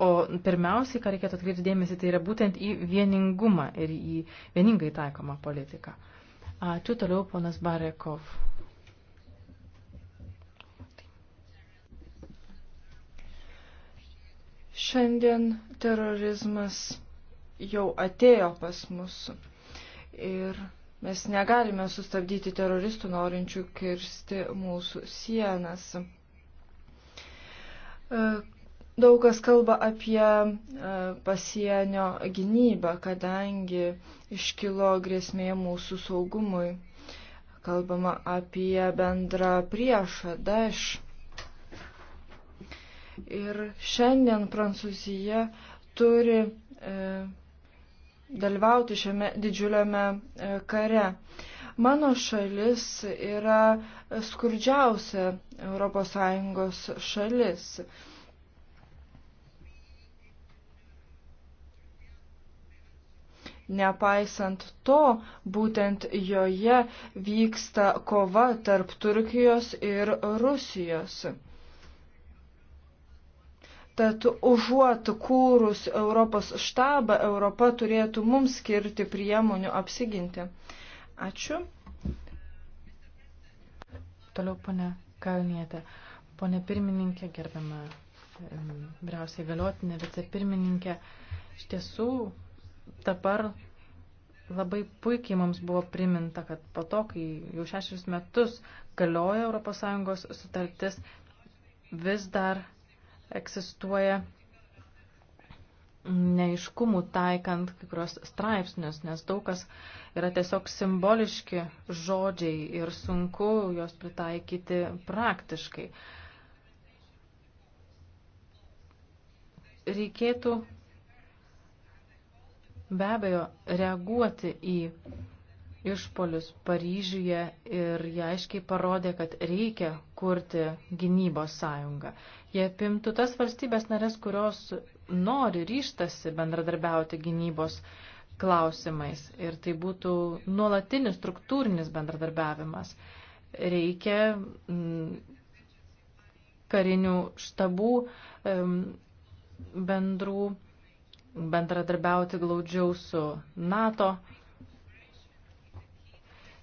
O pirmiausiai, ką reikėtų atkreipti dėmesį, tai yra būtent į vieningumą ir į vieningai taikomą politiką. Ačiū toliau, ponas Barekov. Šiandien terorizmas jau atėjo pas mus ir mes negalime sustabdyti teroristų norinčių kirsti mūsų sienas daug kas kalba apie e, pasienio gynybą, kadangi iškilo grėsmė mūsų saugumui. Kalbama apie bendrą priešą Daš. Ir šiandien Prancūzija turi e, dalyvauti šiame didžiuliame e, kare. Mano šalis yra skurdžiausia ES šalis. E, Nepaisant to, būtent joje vyksta kova tarp Turkijos ir Rusijos. Tad užuot kūrus Europos štabą, Europa turėtų mums skirti priemonių apsiginti. Ačiū. Toliau, ponė Kalnietė. Pone pirmininkė, gerbiama vyriausiai galiotinė vicepirmininkė, iš tiesų dabar labai puikiai mums buvo priminta, kad po to, kai jau šešius metus galioja ES sutartis, vis dar egzistuoja neiškumų taikant kai kurios straipsnius, nes daug kas yra tiesiog simboliški žodžiai ir sunku juos pritaikyti praktiškai. Reikėtų Be abejo, reaguoti į išpolius Paryžiuje ir jie aiškiai parodė, kad reikia kurti gynybos sąjungą. Jie apimtų tas valstybės narės, kurios nori ryštasi bendradarbiauti gynybos klausimais ir tai būtų nuolatinis struktūrinis bendradarbiavimas. Reikia mm, karinių štabų bendrų bendradarbiauti glaudžiau su NATO,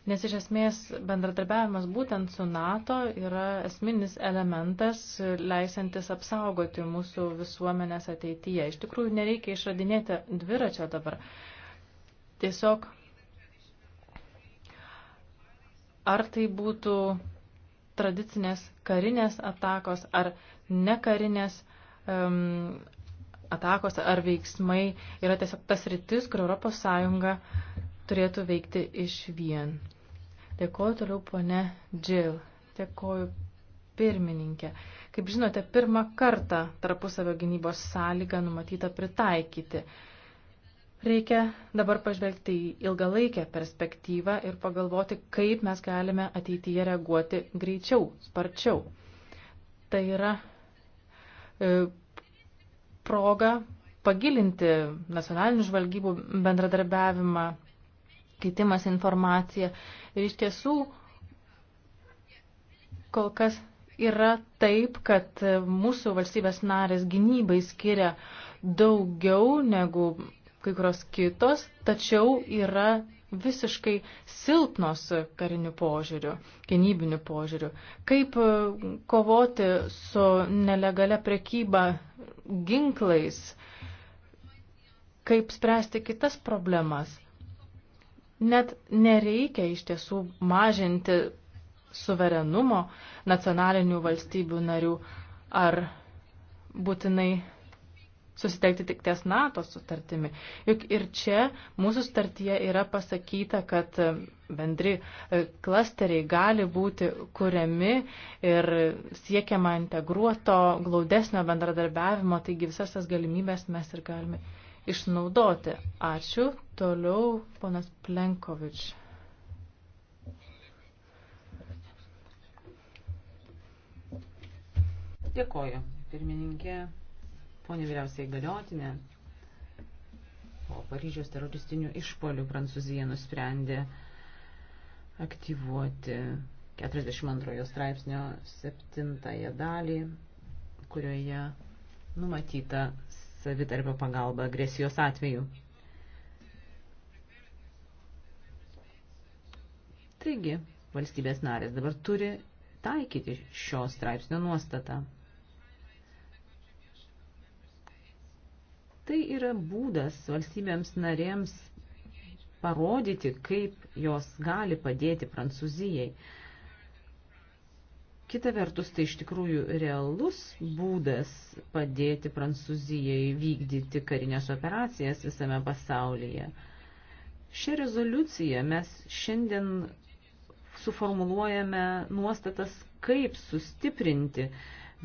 nes iš esmės bendradarbiavimas būtent su NATO yra esminis elementas, leisantis apsaugoti mūsų visuomenės ateityje. Iš tikrųjų, nereikia išradinėti dviračio dabar. Tiesiog, ar tai būtų tradicinės karinės atakos, ar nekarinės, um, atakos ar veiksmai yra tiesiog tas rytis, kur Europos Sąjunga turėtų veikti iš vien. Dėkuoju toliau pone Džil. Dėkuoju pirmininkė. Kaip žinote, pirmą kartą tarpusavio gynybos sąlygą numatyta pritaikyti. Reikia dabar pažvelgti į ilgalaikę perspektyvą ir pagalvoti, kaip mes galime ateityje reaguoti greičiau, sparčiau. Tai yra e, proga pagilinti nacionalinių žvalgybų bendradarbiavimą, keitimas informaciją. Ir iš tiesų kol kas yra taip, kad mūsų valstybės narės gynybai skiria daugiau negu kai kurios kitos, tačiau yra visiškai silpnos kariniu požiūriu, gynybiniu požiūriu. Kaip e, kovoti su nelegale prekyba ginklais, kaip spręsti kitas problemas. Net nereikia iš tiesų mažinti suverenumo nacionalinių valstybių narių ar būtinai susitelkti tik ties NATO sutartimi. Juk ir čia mūsų sutartyje yra pasakyta, kad e, bendri e, klasteriai gali būti kuriami ir siekiama integruoto, glaudesnio bendradarbiavimo, taigi visas tas galimybės mes ir galime išnaudoti. Ačiū. Toliau ponas Plenkovič. Dėkoju, pirmininkė. Pone vyriausiai galiotinė, po Paryžiaus teroristinių išpolių Prancūzija nusprendė aktyvuoti 42 straipsnio 7 dalį, kurioje numatyta savitarpio pagalba agresijos atveju. Taigi, valstybės narės dabar turi taikyti šio straipsnio nuostatą. Tai yra būdas valstybėms narėms parodyti, kaip jos gali padėti Prancūzijai. Kita vertus, tai iš tikrųjų realus būdas padėti Prancūzijai vykdyti karinės operacijas visame pasaulyje. Šią rezoliuciją mes šiandien suformuluojame nuostatas, kaip sustiprinti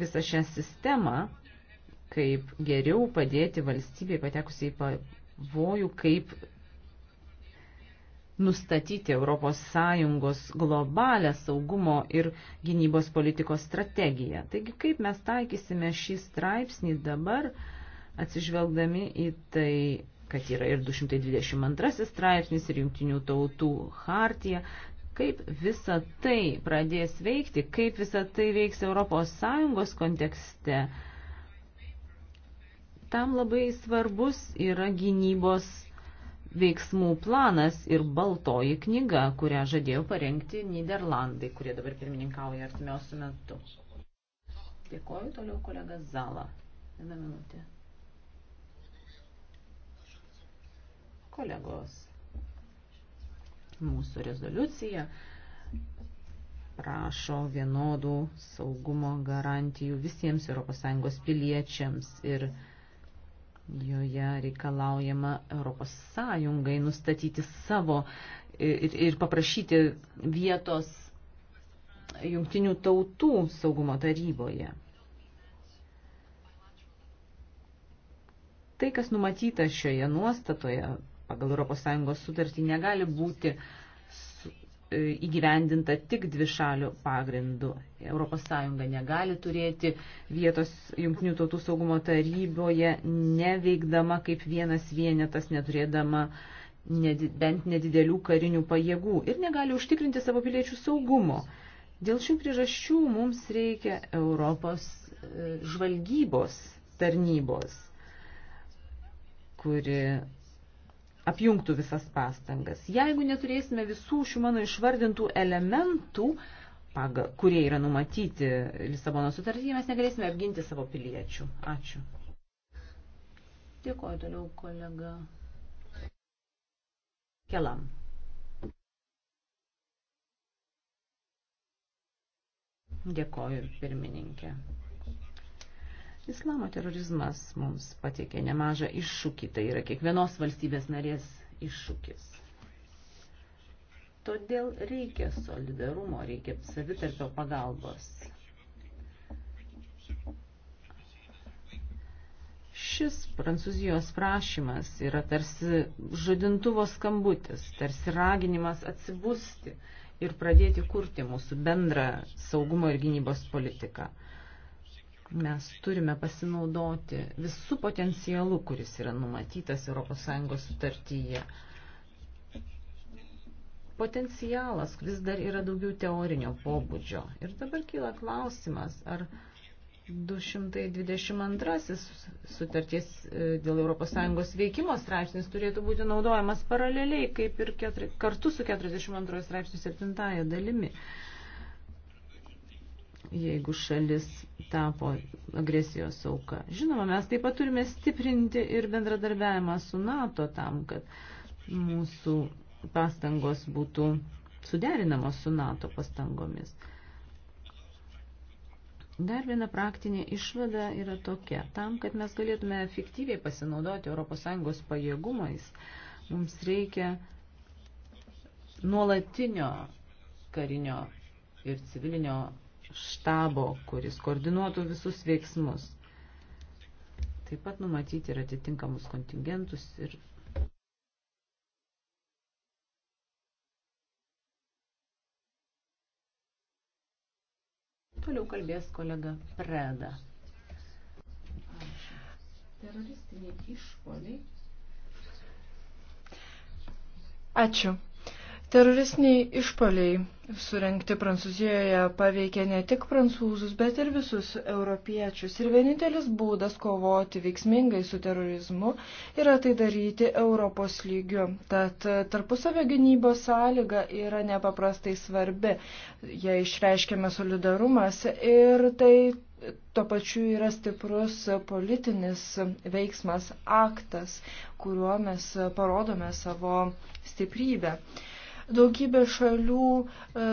visą šią sistemą kaip geriau padėti valstybei patekusiai pavojų, kaip nustatyti ES globalę saugumo ir gynybos politikos strategiją. Taigi, kaip mes taikysime šį straipsnį dabar, atsižvelgdami į tai, kad yra ir 222 straipsnis ir jungtinių tautų hartija, kaip visa tai pradės veikti, kaip visa tai veiks ES kontekste Tam labai svarbus yra gynybos veiksmų planas ir baltoji knyga, kurią žadėjo parengti Niderlandai, kurie dabar pirmininkauja artimiausių metų. Dėkoju toliau kolega Zala. Vieną minutę. Kolegos, mūsų rezoliucija prašo vienodų saugumo garantijų visiems ES piliečiams ir piliečiams Joje reikalaujama Europos Sąjungai nustatyti savo ir, ir paprašyti vietos jungtinių tautų saugumo taryboje. Tai, kas numatyta šioje nuostatoje pagal ES sutartį, negali būti uh, E, įgyvendinta tik dvišalių pagrindų. ES negali turėti vietos Junktinių tautų saugumo taryboje, neveikdama kaip vienas vienetas, neturėdama ned, bent nedidelių karinių pajėgų ir negali užtikrinti savo piliečių saugumo. Dėl šių priežasčių mums reikia Europos e, žvalgybos tarnybos, kuri apjungtų visas pastangas. Jeigu neturėsime visų šių mano išvardintų elementų, pagal, kurie yra numatyti Lisabono sutartyje, mes negalėsime apginti savo piliečių. Ačiū. Dėkuoju toliau kolega Kelam. Dėkoju, pirmininkė. Islamo terorizmas mums pateikė nemažą iššūkį, tai yra kiekvienos valstybės narės iššūkis. Todėl reikia solidarumo, reikia savitarpio pagalbos. Šis Prancūzijos prašymas yra tarsi žadintuvo skambutis, tarsi raginimas atsibusti ir pradėti kurti mūsų bendrą saugumo ir gynybos politiką. Mes turime pasinaudoti visų potencialų, kuris yra numatytas ES sutartyje. Potencialas vis dar yra daugiau teorinio pobūdžio. Ir dabar kyla klausimas, ar 222 sutarties e, dėl ES veikimo straipsnis turėtų būti naudojamas paraleliai, kaip ir keturi, kartu su 42 straipsnių 7 dalimi jeigu šalis tapo agresijos auka. Žinoma, mes taip pat turime stiprinti ir bendradarbiavimą su NATO tam, kad mūsų pastangos būtų suderinamos su NATO pastangomis. Dar viena praktinė išvada yra tokia. Tam, kad mes galėtume efektyviai pasinaudoti ES pajėgumais, mums reikia nuolatinio karinio ir civilinio štabo, kuris koordinuotų visus veiksmus. Taip pat numatyti ir atitinkamus kontingentus ir Toliau kalbės kolega Preda. Teroristiniai išpoliai. Ačiū. Teroristiniai išpoliai surenkti Prancūzijoje paveikė ne tik prancūzus, bet ir visus europiečius. Ir vienintelis būdas kovoti veiksmingai su terorizmu yra tai daryti Europos lygiu. Tad tarpusavio gynybos sąlyga yra nepaprastai svarbi. Jie išreiškiame solidarumas ir tai tuo pačiu yra stiprus politinis veiksmas, aktas, kuriuo mes parodome savo stiprybę. Daugybė šalių e,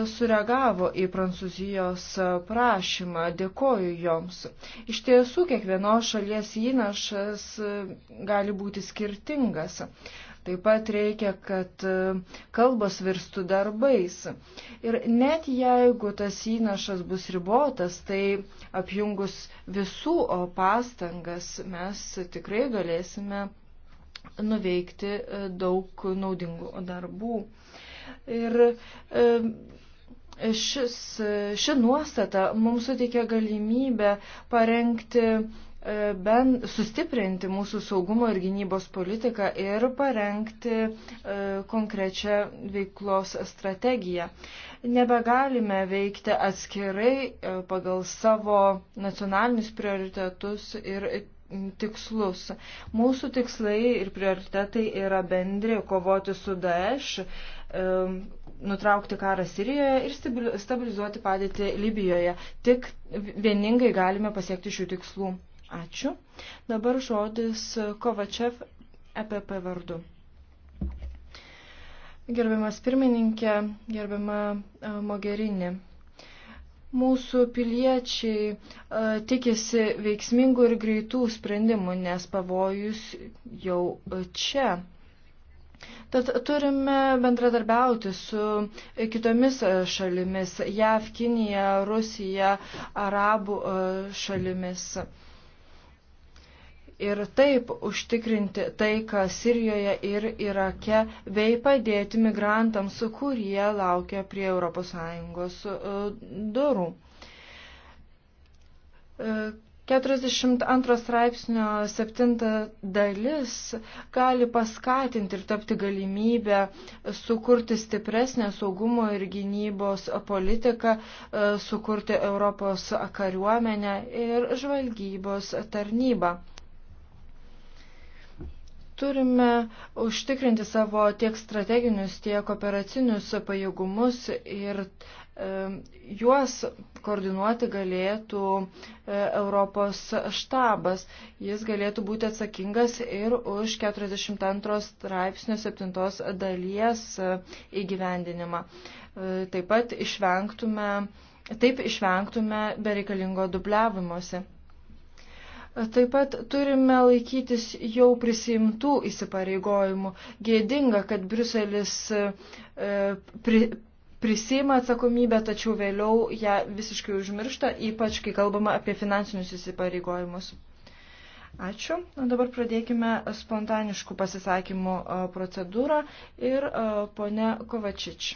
sureagavo į Prancūzijos e, prašymą, dėkoju joms. Iš tiesų, kiekvienos šalies įnašas e, gali būti skirtingas. Taip pat reikia, kad kalbos virstų darbais. Ir net jeigu tas įnašas bus ribotas, tai apjungus visų pastangas mes tikrai galėsime nuveikti daug naudingų darbų. Ir šis, ši nuostata mums suteikia galimybę parengti e, ben, sustiprinti mūsų saugumo ir gynybos politiką ir parengti e, konkrečią veiklos strategiją. Nebegalime veikti atskirai e, pagal savo nacionalinius prioritetus ir tikslus. Mūsų tikslai ir prioritetai yra bendri - kovoti su Daesh, Um, nutraukti karą Sirijoje ir stabilizuoti padėtį Libijoje. Tik vieningai galime pasiekti šių tikslų. Ačiū. Dabar žodis Kovačev EPP vardu. Gerbiamas pirmininkė, gerbiama e, Mogerinė. Mūsų piliečiai e, tikisi veiksmingų ir greitų sprendimų, nes pavojus jau e, čia. Tad turime bendradarbiauti su kitomis e, šalimis - JAV, Kinija, Rusija, Arabų e, šalimis. Ir taip užtikrinti taiką Sirijoje ir Irake, bei padėti migrantams, kurie laukia prie ES e, durų 42 straipsnio 7 dalis gali paskatinti ir tapti galimybę sukurti stipresnę saugumo ir gynybos politiką, e, sukurti Europos kariuomenę ir žvalgybos tarnybą turime užtikrinti savo tiek strateginius, tiek operacinius pajėgumus ir juos koordinuoti galėtų e, Europos štabas. Jis galėtų būti atsakingas ir už 42 straipsnio 7 dalies e, įgyvendinimą. E, taip pat išvengtume, taip išvengtume bereikalingo dubliavimuose. Taip pat turime laikytis jau prisimtų įsipareigojimų. Gėdinga, kad Bruselis e, pri, prisima atsakomybę, tačiau vėliau ją visiškai užmiršta, ypač kai kalbama apie finansinius įsipareigojimus. Ačiū. Na, dabar pradėkime spontaniškų pasisakymų procedūrą ir ponia Kovačič.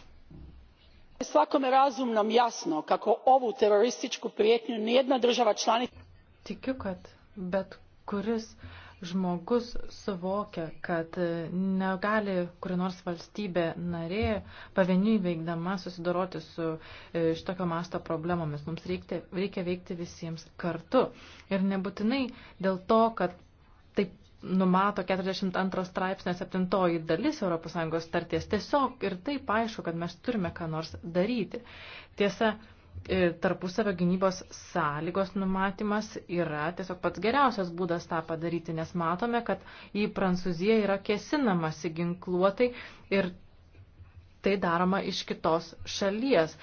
Svakome razumnom jasno, kako ovu terorističku prijetnju nijedna država članica... Tikiu, kad bet kuris uh, žmogus suvokia, kad negali kuri nors valstybė narė pavieniui veikdama susidoroti su e, šitokio masto problemomis. Mums reikia, reikia veikti visiems kartu. Ir nebūtinai dėl to, kad taip numato 42 straipsnio 7 dalis ES starties. Tiesiog ir taip aišku, kad mes turime ką nors daryti. Tiesa, E, tarpusavio gynybos sąlygos numatymas yra tiesiog pats geriausias būdas tą padaryti, nes matome, kad į Prancūziją yra kėsinamasi ginkluotai ir tai daroma iš kitos šalies.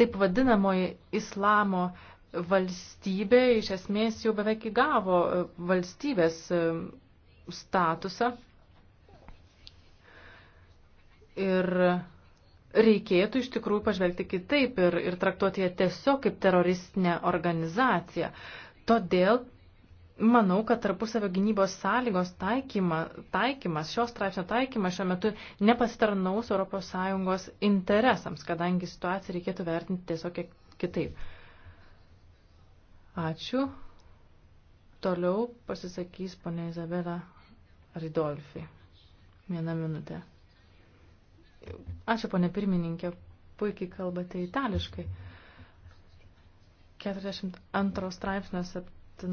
Taip vadinamoji islamo valstybė iš esmės jau beveik įgavo e, valstybės e, statusą. Ir reikėtų iš tikrųjų pažvelgti kitaip ir, ir traktuoti ją tiesiog kaip teroristinę organizaciją. Todėl manau, kad tarpusavio gynybos sąlygos taikyma, taikymas, šios straipsnio taikymas šiuo metu nepasitarnaus ES interesams, kadangi situaciją reikėtų vertinti tiesiog kitaip. Ačiū. Toliau pasisakys ponė Izabela Ridolfi. Vieną minutę. Ačiū, ponė pirmininkė, puikiai kalbate itališkai. 42 straipsnio 7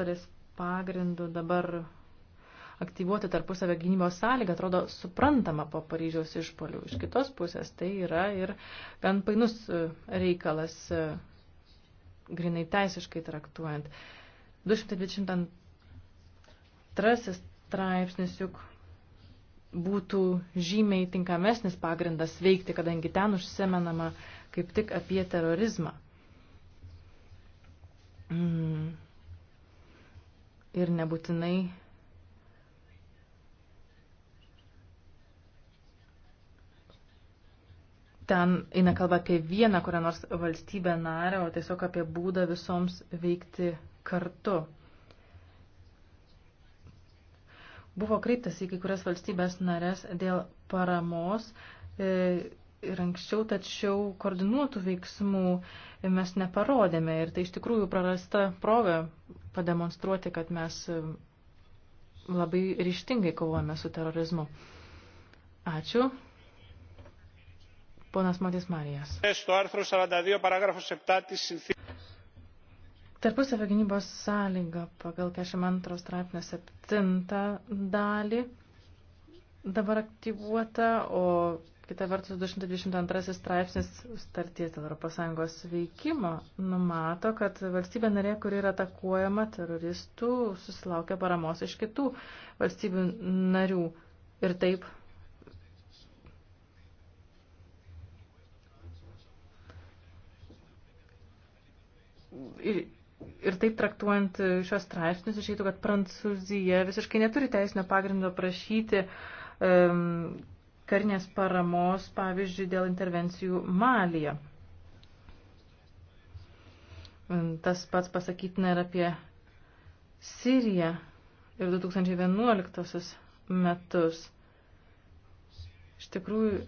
dalis pagrindų dabar aktyvuoti tarpusavę gynybos sąlygą atrodo suprantama po Paryžiaus išpolių. Iš kitos pusės tai yra ir gan painus e, reikalas e, grinai teisiškai traktuojant. 222 straipsnis juk būtų žymiai tinkamesnis pagrindas veikti, kadangi ten užsimenama kaip tik apie terorizmą. Mm. Ir nebūtinai ten eina kalba apie vieną kurią nors valstybę narę, o tiesiog apie būdą visoms veikti kartu. Buvo kreiptas į kai kurias valstybės narės dėl paramos e, ir anksčiau, tačiau koordinuotų veiksmų mes neparodėme ir tai iš tikrųjų prarasta proga pademonstruoti, kad mes e, labai ryštingai kovojame su terorizmu. Ačiū. Ponas Matis Marijas. Tarpusavio gynybos sąlyga pagal 42 straipsnio 7 dalį dabar aktyvuota, o kita vertus 222 straipsnis starties dėl ES veikimo numato, kad valstybė narė, kuri yra atakuojama teroristų, susilaukia paramos iš kitų valstybių narių. Ir taip ir ir taip traktuojant šios straipsnius, išeitų, kad Prancūzija visiškai neturi teisinio pagrindo prašyti um, karinės paramos, pavyzdžiui, dėl intervencijų Malyje. Tas pats pasakytina ir apie Siriją ir 2011 metus. Iš tikrųjų,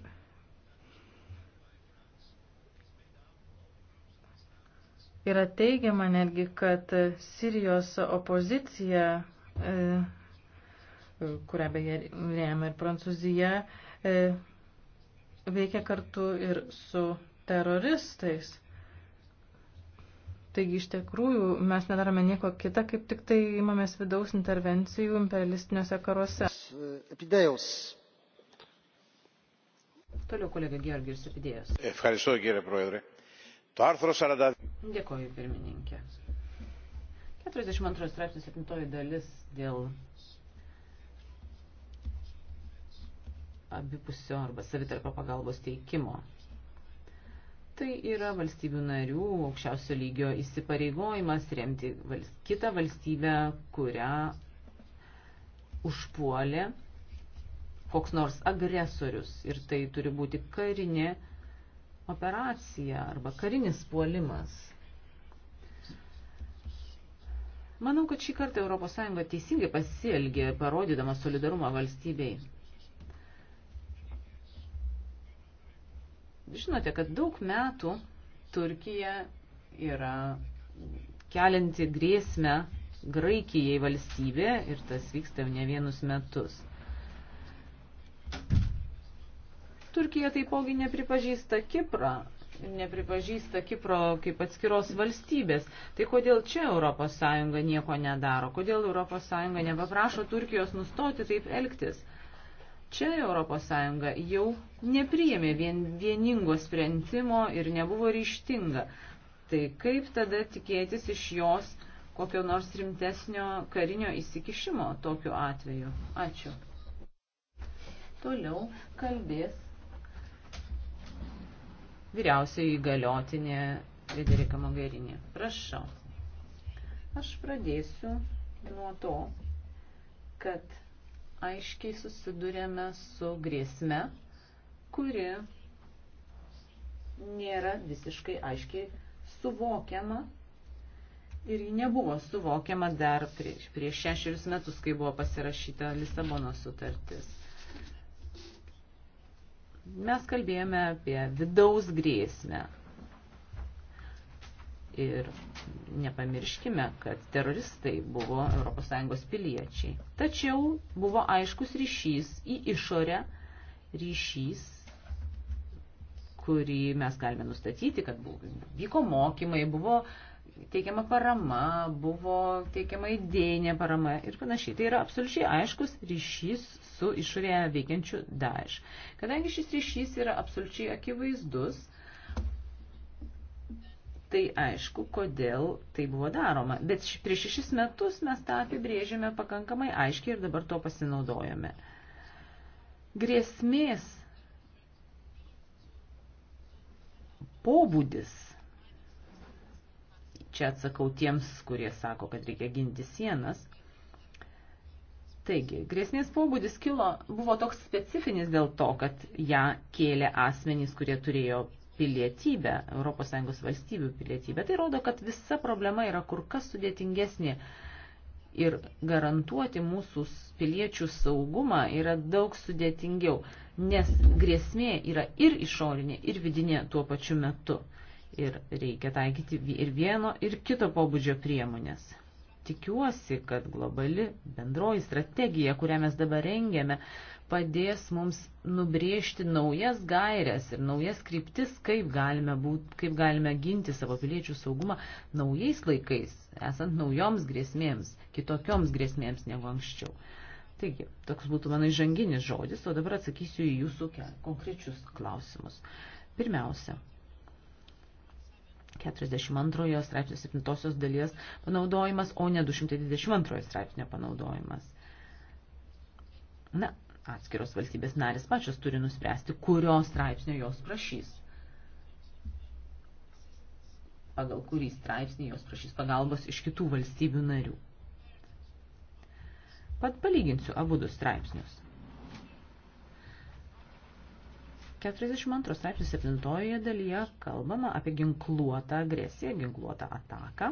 Yra teigiama netgi, kad Sirijos opozicija, e, kurią beje remia ir Prancūzija, e, veikia kartu ir su teroristais. Taigi iš tikrųjų mes nedarome nieko kita, kaip tik tai imamės vidaus intervencijų imperialistiniuose karuose. Uh, Epidėjus. Toliau kolega Georgijus Epidėjus. Ευχαριστώ κύριε Πρόεδρε. Dėkoju, pirmininkė. 42 straipsnių 7 dalis dėl abipusio arba savitarpio pagalbos teikimo. Tai yra valstybių narių aukščiausio lygio įsipareigojimas remti valst, kitą valstybę, kurią užpuolė koks nors agresorius. Ir tai turi būti karinė operacija arba karinis puolimas. Manau, kad šį kartą ES teisingai pasielgė, parodydama solidarumą valstybei. Žinote, kad daug metų Turkija yra kelianti grėsmę Graikijai valstybė ir tas vyksta jau ne vienus metus. Turkija taipogi nepripažįsta Kiprą, nepripažįsta Kipro kaip atskiros valstybės. Tai kodėl čia ES nieko nedaro? Kodėl ES nepaprašo Turkijos nustoti taip elgtis? Čia ES jau nepriėmė vien, vieningo sprendimo ir nebuvo ryštinga. Tai kaip tada tikėtis iš jos kokio nors rimtesnio karinio įsikišimo tokiu atveju? Ačiū. Toliau kalbės vyriausiai įgaliotinė Federika Mogherini. Prašau. Aš pradėsiu nuo to, kad aiškiai susidurėme su grėsme, kuri nėra visiškai aiškiai suvokiama ir ji nebuvo suvokiama dar prieš, prieš šešerius metus, kai buvo pasirašyta Lisabono sutartis. Mes kalbėjome apie vidaus grėsmę. Ir nepamirškime, kad teroristai buvo ES piliečiai. Tačiau buvo aiškus ryšys į išorę, ryšys, kurį mes galime nustatyti, kad buvo, vyko mokymai, buvo uh, teikiama parama, buvo teikiama idėjinė parama ir panašiai. Tai yra absoliučiai aiškus ryšys su išorėje veikiančiu Daesh. Kadangi šis ryšys yra absoliučiai akivaizdus, tai aišku, kodėl tai buvo daroma. Bet prieš šešis metus mes tą apibrėžėme pakankamai aiškiai ir dabar to pasinaudojame. Grėsmės pobūdis čia atsakau tiems, kurie sako, kad reikia ginti sienas. Taigi, grėsmės pobūdis kilo, buvo toks specifinis dėl to, kad ją kėlė asmenys, kurie turėjo pilietybę, ES valstybių pilietybę. Tai rodo, kad visa problema yra kur kas sudėtingesnė ir garantuoti mūsų piliečių saugumą yra daug sudėtingiau, nes grėsmė yra ir išorinė, ir vidinė tuo pačiu metu ir reikia taikyti ir vieno, ir kito pobūdžio priemonės. Tikiuosi, kad globali bendroji strategija, kurią mes dabar rengiame, padės mums nubrėžti naujas gairias ir naujas kryptis, kaip galime, būt, kaip galime ginti savo piliečių saugumą naujais laikais, esant naujoms grėsmėms, kitokioms grėsmėms negu anksčiau. Taigi, toks būtų mano įžanginis žodis, o dabar atsakysiu į jūsų konkrečius klausimus. Pirmiausia, 42 straipsnio 7 dalies panaudojimas, o ne 222 straipsnio panaudojimas. Na, atskiros valstybės narės pačios turi nuspręsti, kurio straipsnio jos prašys. Pagal kurį straipsnį jos prašys pagalbos iš kitų valstybių narių. Pat palyginsiu abu du straipsnius. 42 straipsnių 7 dalyje kalbama apie ginkluotą agresiją, ginkluotą ataką.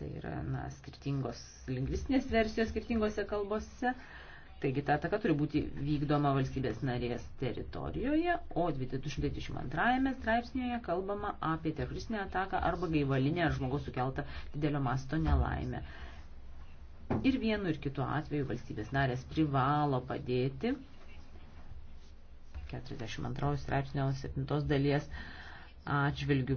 Tai yra na, skirtingos lingvistinės versijos skirtingose kalbose. Taigi ta ataka turi būti vykdoma valstybės narės teritorijoje, o 222 straipsnėje kalbama apie teroristinę ataką arba gaivalinę ar žmogaus sukeltą didelio masto nelaimę. Ir vienu ir kitu atveju valstybės narės privalo padėti 42 straipsnio 7 dalies atžvilgių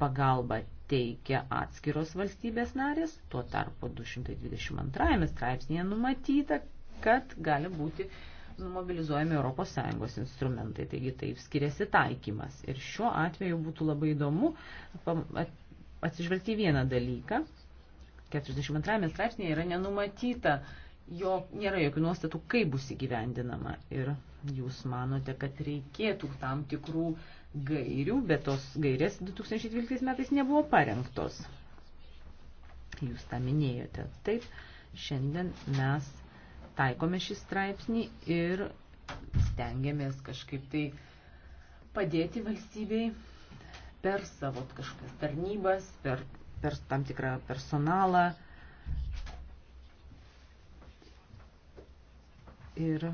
pagalba teikia atskiros valstybės narės, tuo tarpu 222 straipsnėje numatyta, kad gali būti mobilizuojami ES instrumentai, taigi taip skiriasi taikymas. Ir šiuo atveju būtų labai įdomu atsižvelgti vieną dalyką. 42 straipsnėje yra nenumatyta, jo, nėra jokių nuostatų, kaip bus įgyvendinama. Ir Jūs manote, kad reikėtų tam tikrų gairių, bet tos gairės 2012 metais nebuvo parengtos. Jūs tą minėjote. Taip, šiandien mes taikome šį straipsnį ir stengiamės kažkaip tai padėti valstybei per savo kažkokias tarnybas, per, per tam tikrą personalą. Ir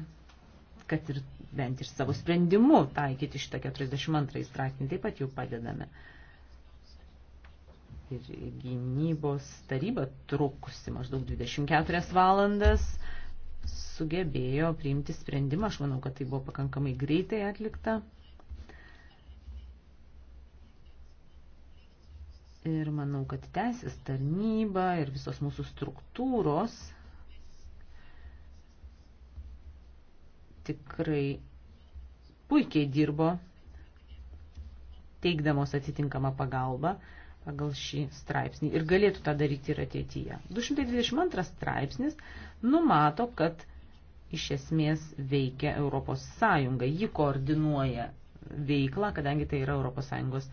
kad ir bent ir savo sprendimu taikyti šitą 42 straipsnį taip pat jau padedame. Ir gynybos taryba trukusi maždaug 24 valandas sugebėjo priimti sprendimą. Aš manau, kad tai buvo pakankamai greitai atlikta. Ir manau, kad teisės tarnyba ir visos mūsų struktūros tikrai puikiai dirbo, teikdamos atitinkamą pagalbą pagal šį straipsnį ir galėtų tą daryti ir ateityje. 222 straipsnis numato, kad iš esmės veikia Europos Sąjunga. Ji koordinuoja veiklą, kadangi tai yra Europos Sąjungos,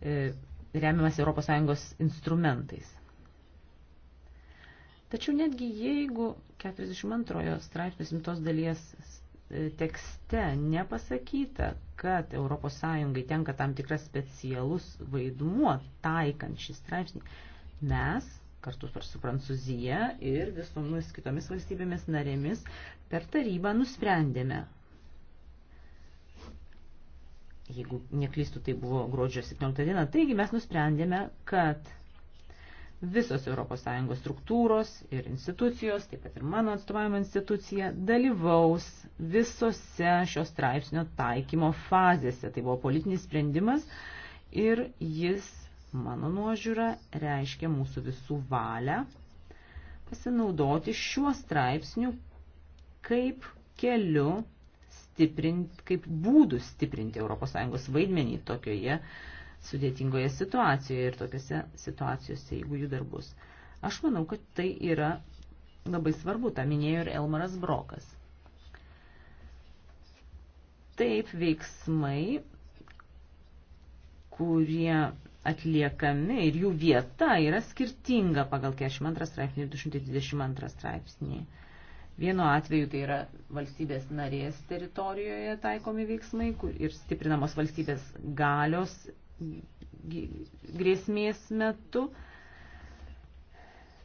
e, remiamas Europos Sąjungos instrumentais. Tačiau netgi jeigu 42 straipsnės imtos dalies tekste nepasakyta, kad ES tenka tam tikras specialus vaidmuo taikant šį straipsnį. Mes kartu su Prancūzija ir visomis kitomis valstybėmis narėmis per tarybą nusprendėme. Jeigu neklystų, tai buvo gruodžio 17 diena. Taigi mes nusprendėme, kad visos ES struktūros ir institucijos, taip pat ir mano atstovavimo institucija, dalyvaus visose šios straipsnio taikymo fazėse. Tai buvo politinis sprendimas ir jis, mano nuožiūra, reiškia mūsų visų valią pasinaudoti šiuo straipsniu kaip keliu stiprinti, kaip būdų stiprinti ES vaidmenį tokioje uh, sudėtingoje situacijoje ir tokiose situacijose, jeigu jų dar bus. Aš manau, kad tai yra labai svarbu, tą minėjo ir Elmaras Brokas. Taip veiksmai, kurie atliekami ir jų vieta yra skirtinga pagal 42 straipsnį ir 222 straipsnį. Vienu atveju tai yra valstybės narės teritorijoje taikomi veiksmai kur ir stiprinamos valstybės galios grėsmės metu.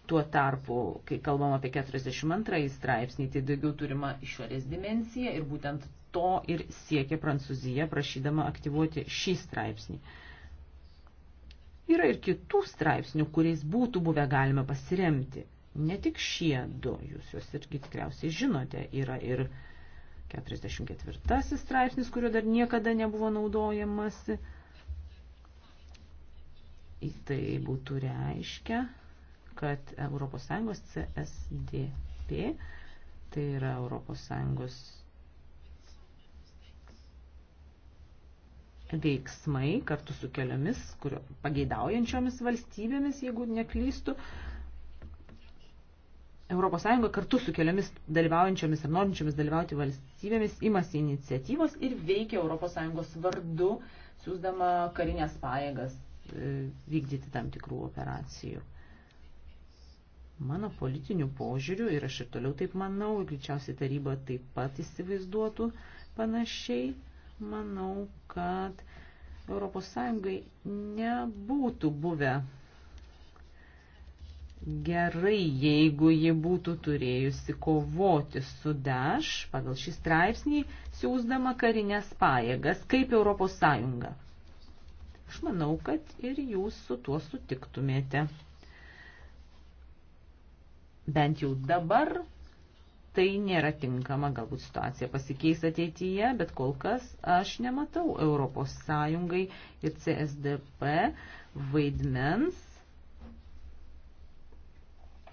Tuo tarpu, kai kalbam apie 42 straipsnį, tai daugiau turima išorės dimencija ir būtent to ir siekia Prancūzija, prašydama aktyvuoti šį straipsnį. Yra ir kitų straipsnių, kuriais būtų buvę galima pasiremti. Ne tik šie du, jūs juos irgi tikriausiai žinote, yra ir 44 straipsnis, kurio dar niekada nebuvo naudojamasi į tai būtų reiškia, kad ES CSDP, tai yra ES veiksmai kartu su keliomis kurio, pageidaujančiomis valstybėmis, jeigu neklystų, ES kartu su keliomis dalyvaujančiomis ir norinčiomis dalyvauti valstybėmis imasi iniciatyvos ir veikia ES vardu, siūsdama karinės pajėgas E, vykdyti tam tikrų operacijų. Mano politinių požiūrių, ir aš ir toliau taip manau, ir greičiausiai taryba taip pat įsivaizduotų panašiai, manau, kad ES nebūtų buvę gerai, jeigu ji būtų turėjusi kovoti su Daš pagal šį straipsnį, siūsdama karinės pajėgas kaip Europos Sąjunga. Aš manau, kad ir jūs su tuo sutiktumėte. Bent jau dabar tai nėra tinkama, galbūt situacija pasikeis ateityje, bet kol kas aš nematau Europos Sąjungai ir CSDP vaidmens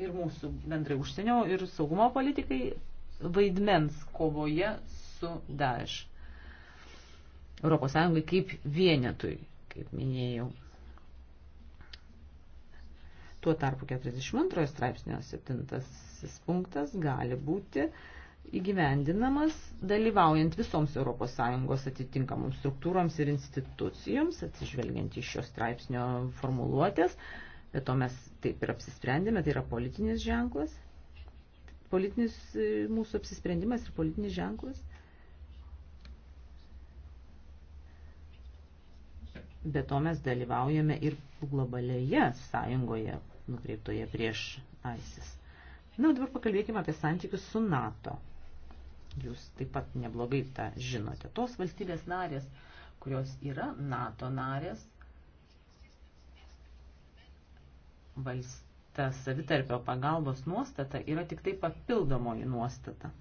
ir mūsų bendrai užsienio ir saugumo politikai vaidmens kovoje su Daesh. Europos Sąjungai kaip vienetui kaip minėjau. Tuo tarpu 42 straipsnio 7 punktas gali būti įgyvendinamas dalyvaujant visoms ES atitinkamoms struktūroms ir institucijoms, atsižvelgiant iš šio straipsnio formuluotės. Bet to mes taip ir apsisprendėme, tai yra politinis ženklas, politinis e, mūsų apsisprendimas ir politinis ženklas. Be to mes dalyvaujame ir globalioje sąjungoje nukreiptoje prieš ISIS. Na, dabar pakalbėkime apie santykius su NATO. Jūs taip pat neblogai tą žinote. Tos valstybės narės, kurios yra NATO narės, ta savitarpio pagalbos nuostata yra tik tai papildomoji nuostata.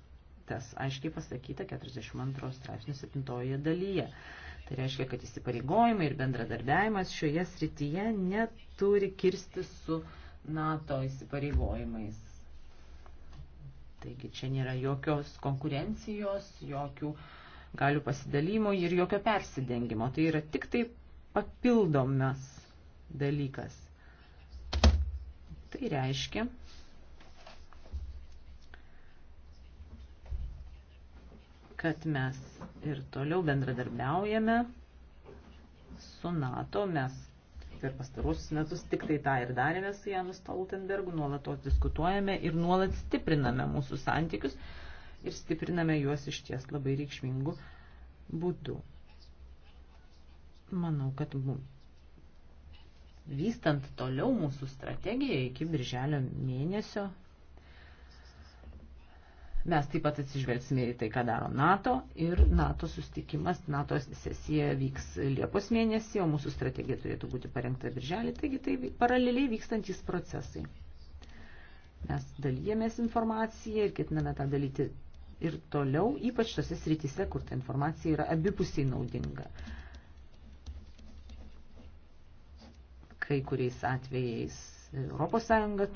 Tas aiškiai pasakyta 42 straipsnio 7 dalyje. Tai reiškia, kad įsipareigojimai ir bendradarbiavimas šioje srityje neturi kirsti su NATO įsipareigojimais. Taigi čia nėra jokios konkurencijos, jokių galių pasidalymo ir jokio persidengimo. Tai yra tik tai papildomas dalykas. Tai reiškia, kad mes ir toliau bendradarbiaujame su NATO, mes per pastarusius metus tik tai tą ir darėme su Janu Stoltenbergu, nuolatos diskutuojame ir nuolat stipriname mūsų santykius ir stipriname juos iš ties labai reikšmingų būdų. Manau, kad vystant toliau mūsų strategiją iki birželio mėnesio Mes taip pat atsižvelgsime į tai, ką daro NATO ir NATO sustikimas, NATO sesija vyks Liepos mėnesį, o mūsų strategija turėtų būti parengta birželį, taigi tai paraleliai vykstantys procesai. Mes dalyjėmės informaciją ir ketiname tą dalyti ir toliau, ypač tose srityse, kur ta informacija yra abipusiai naudinga. Kai kuriais atvejais ES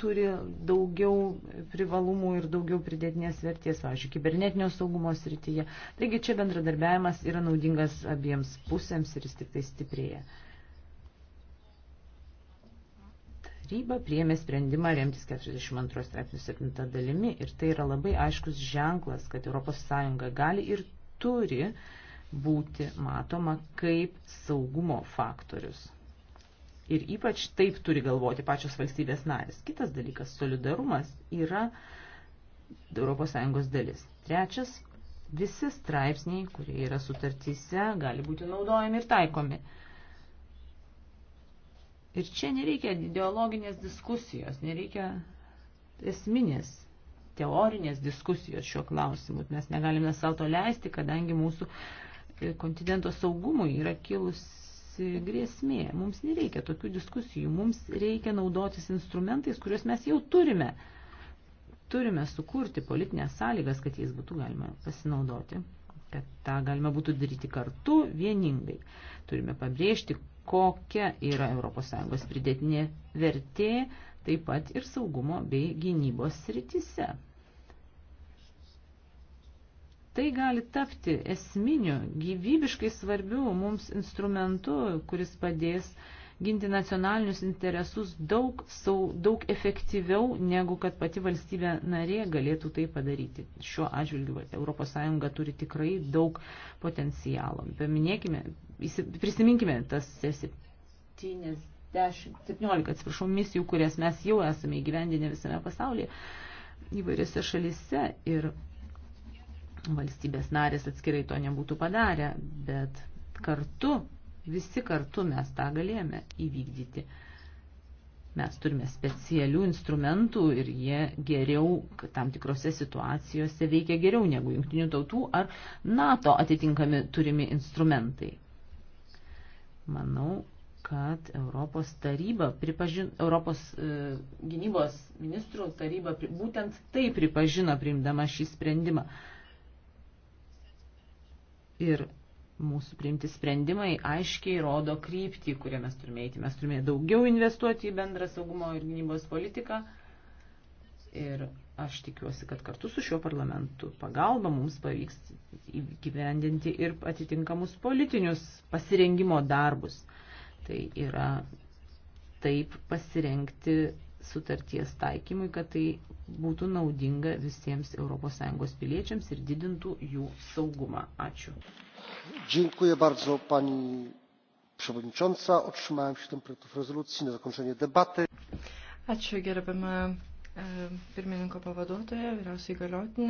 turi daugiau privalumų ir daugiau pridėtinės vertės, pavyzdžiui, kibernetinio saugumo srityje. Taigi čia bendradarbiavimas yra naudingas abiems pusėms ir jis tik tai stiprėja. Taryba priėmė sprendimą remtis 42 straipsnių 7 dalimi ir tai yra labai aiškus ženklas, kad ES gali ir turi būti matoma kaip saugumo faktorius Ir ypač taip turi galvoti pačios valstybės narės. Kitas dalykas – solidarumas yra ES dalis. Trečias – visi straipsniai, kurie yra sutartyse, gali būti naudojami ir taikomi. Ir čia nereikia ideologinės diskusijos, nereikia esminės teorinės diskusijos šiuo klausimu. Mes negalime savo to leisti, kadangi mūsų kontinento saugumui yra kilus grėsmė. Mums nereikia tokių diskusijų, mums reikia naudotis instrumentais, kuriuos mes jau turime. Turime sukurti politinės sąlygas, kad jais būtų galima pasinaudoti, kad tą galima būtų daryti kartu vieningai. Turime pabrėžti, kokia yra ES pridėtinė vertė, taip pat ir saugumo bei gynybos sritise tai gali tapti esminiu, gyvybiškai svarbiu mums instrumentu, kuris padės ginti nacionalinius interesus daug, sau, daug efektyviau, negu kad pati valstybė narė galėtų tai padaryti. Šiuo atžvilgiu ES turi tikrai daug potencialo. Paminėkime, prisiminkime tas 17, 17 atsiprašau, misijų, kurias mes jau esame įgyvendinę visame pasaulyje įvairiose šalise ir valstybės narės atskirai to nebūtų padarę, bet kartu, visi kartu mes tą galėjome įvykdyti. Mes turime specialių instrumentų ir jie geriau, tam tikrose situacijose veikia geriau negu jungtinių tautų ar NATO atitinkami turimi instrumentai. Manau, kad Europos taryba, pripažin, Europos e, gynybos ministrų taryba pri, būtent tai pripažino priimdama šį sprendimą. E, Ir mūsų priimti sprendimai aiškiai rodo kryptį, kurią mes turime eiti. Mes turime daugiau investuoti į bendrą saugumo ir gynybos politiką. Ir aš tikiuosi, kad kartu su šiuo parlamentu pagalba mums pavyks įgyvendinti ir atitinkamus politinius pasirengimo darbus. Tai yra taip pasirengti sutarties taikymui, kad tai būtų naudinga visiems ES piliečiams ir didintų jų saugumą. Ačiū. Dziękuję bardzo pani przewodnicząca. Otrzymałem 7 projektów rezolucji na zakończenie debaty. Ačiū gerbiamą e, pirmininko pavaduotoją, vyriausiai galiotinę.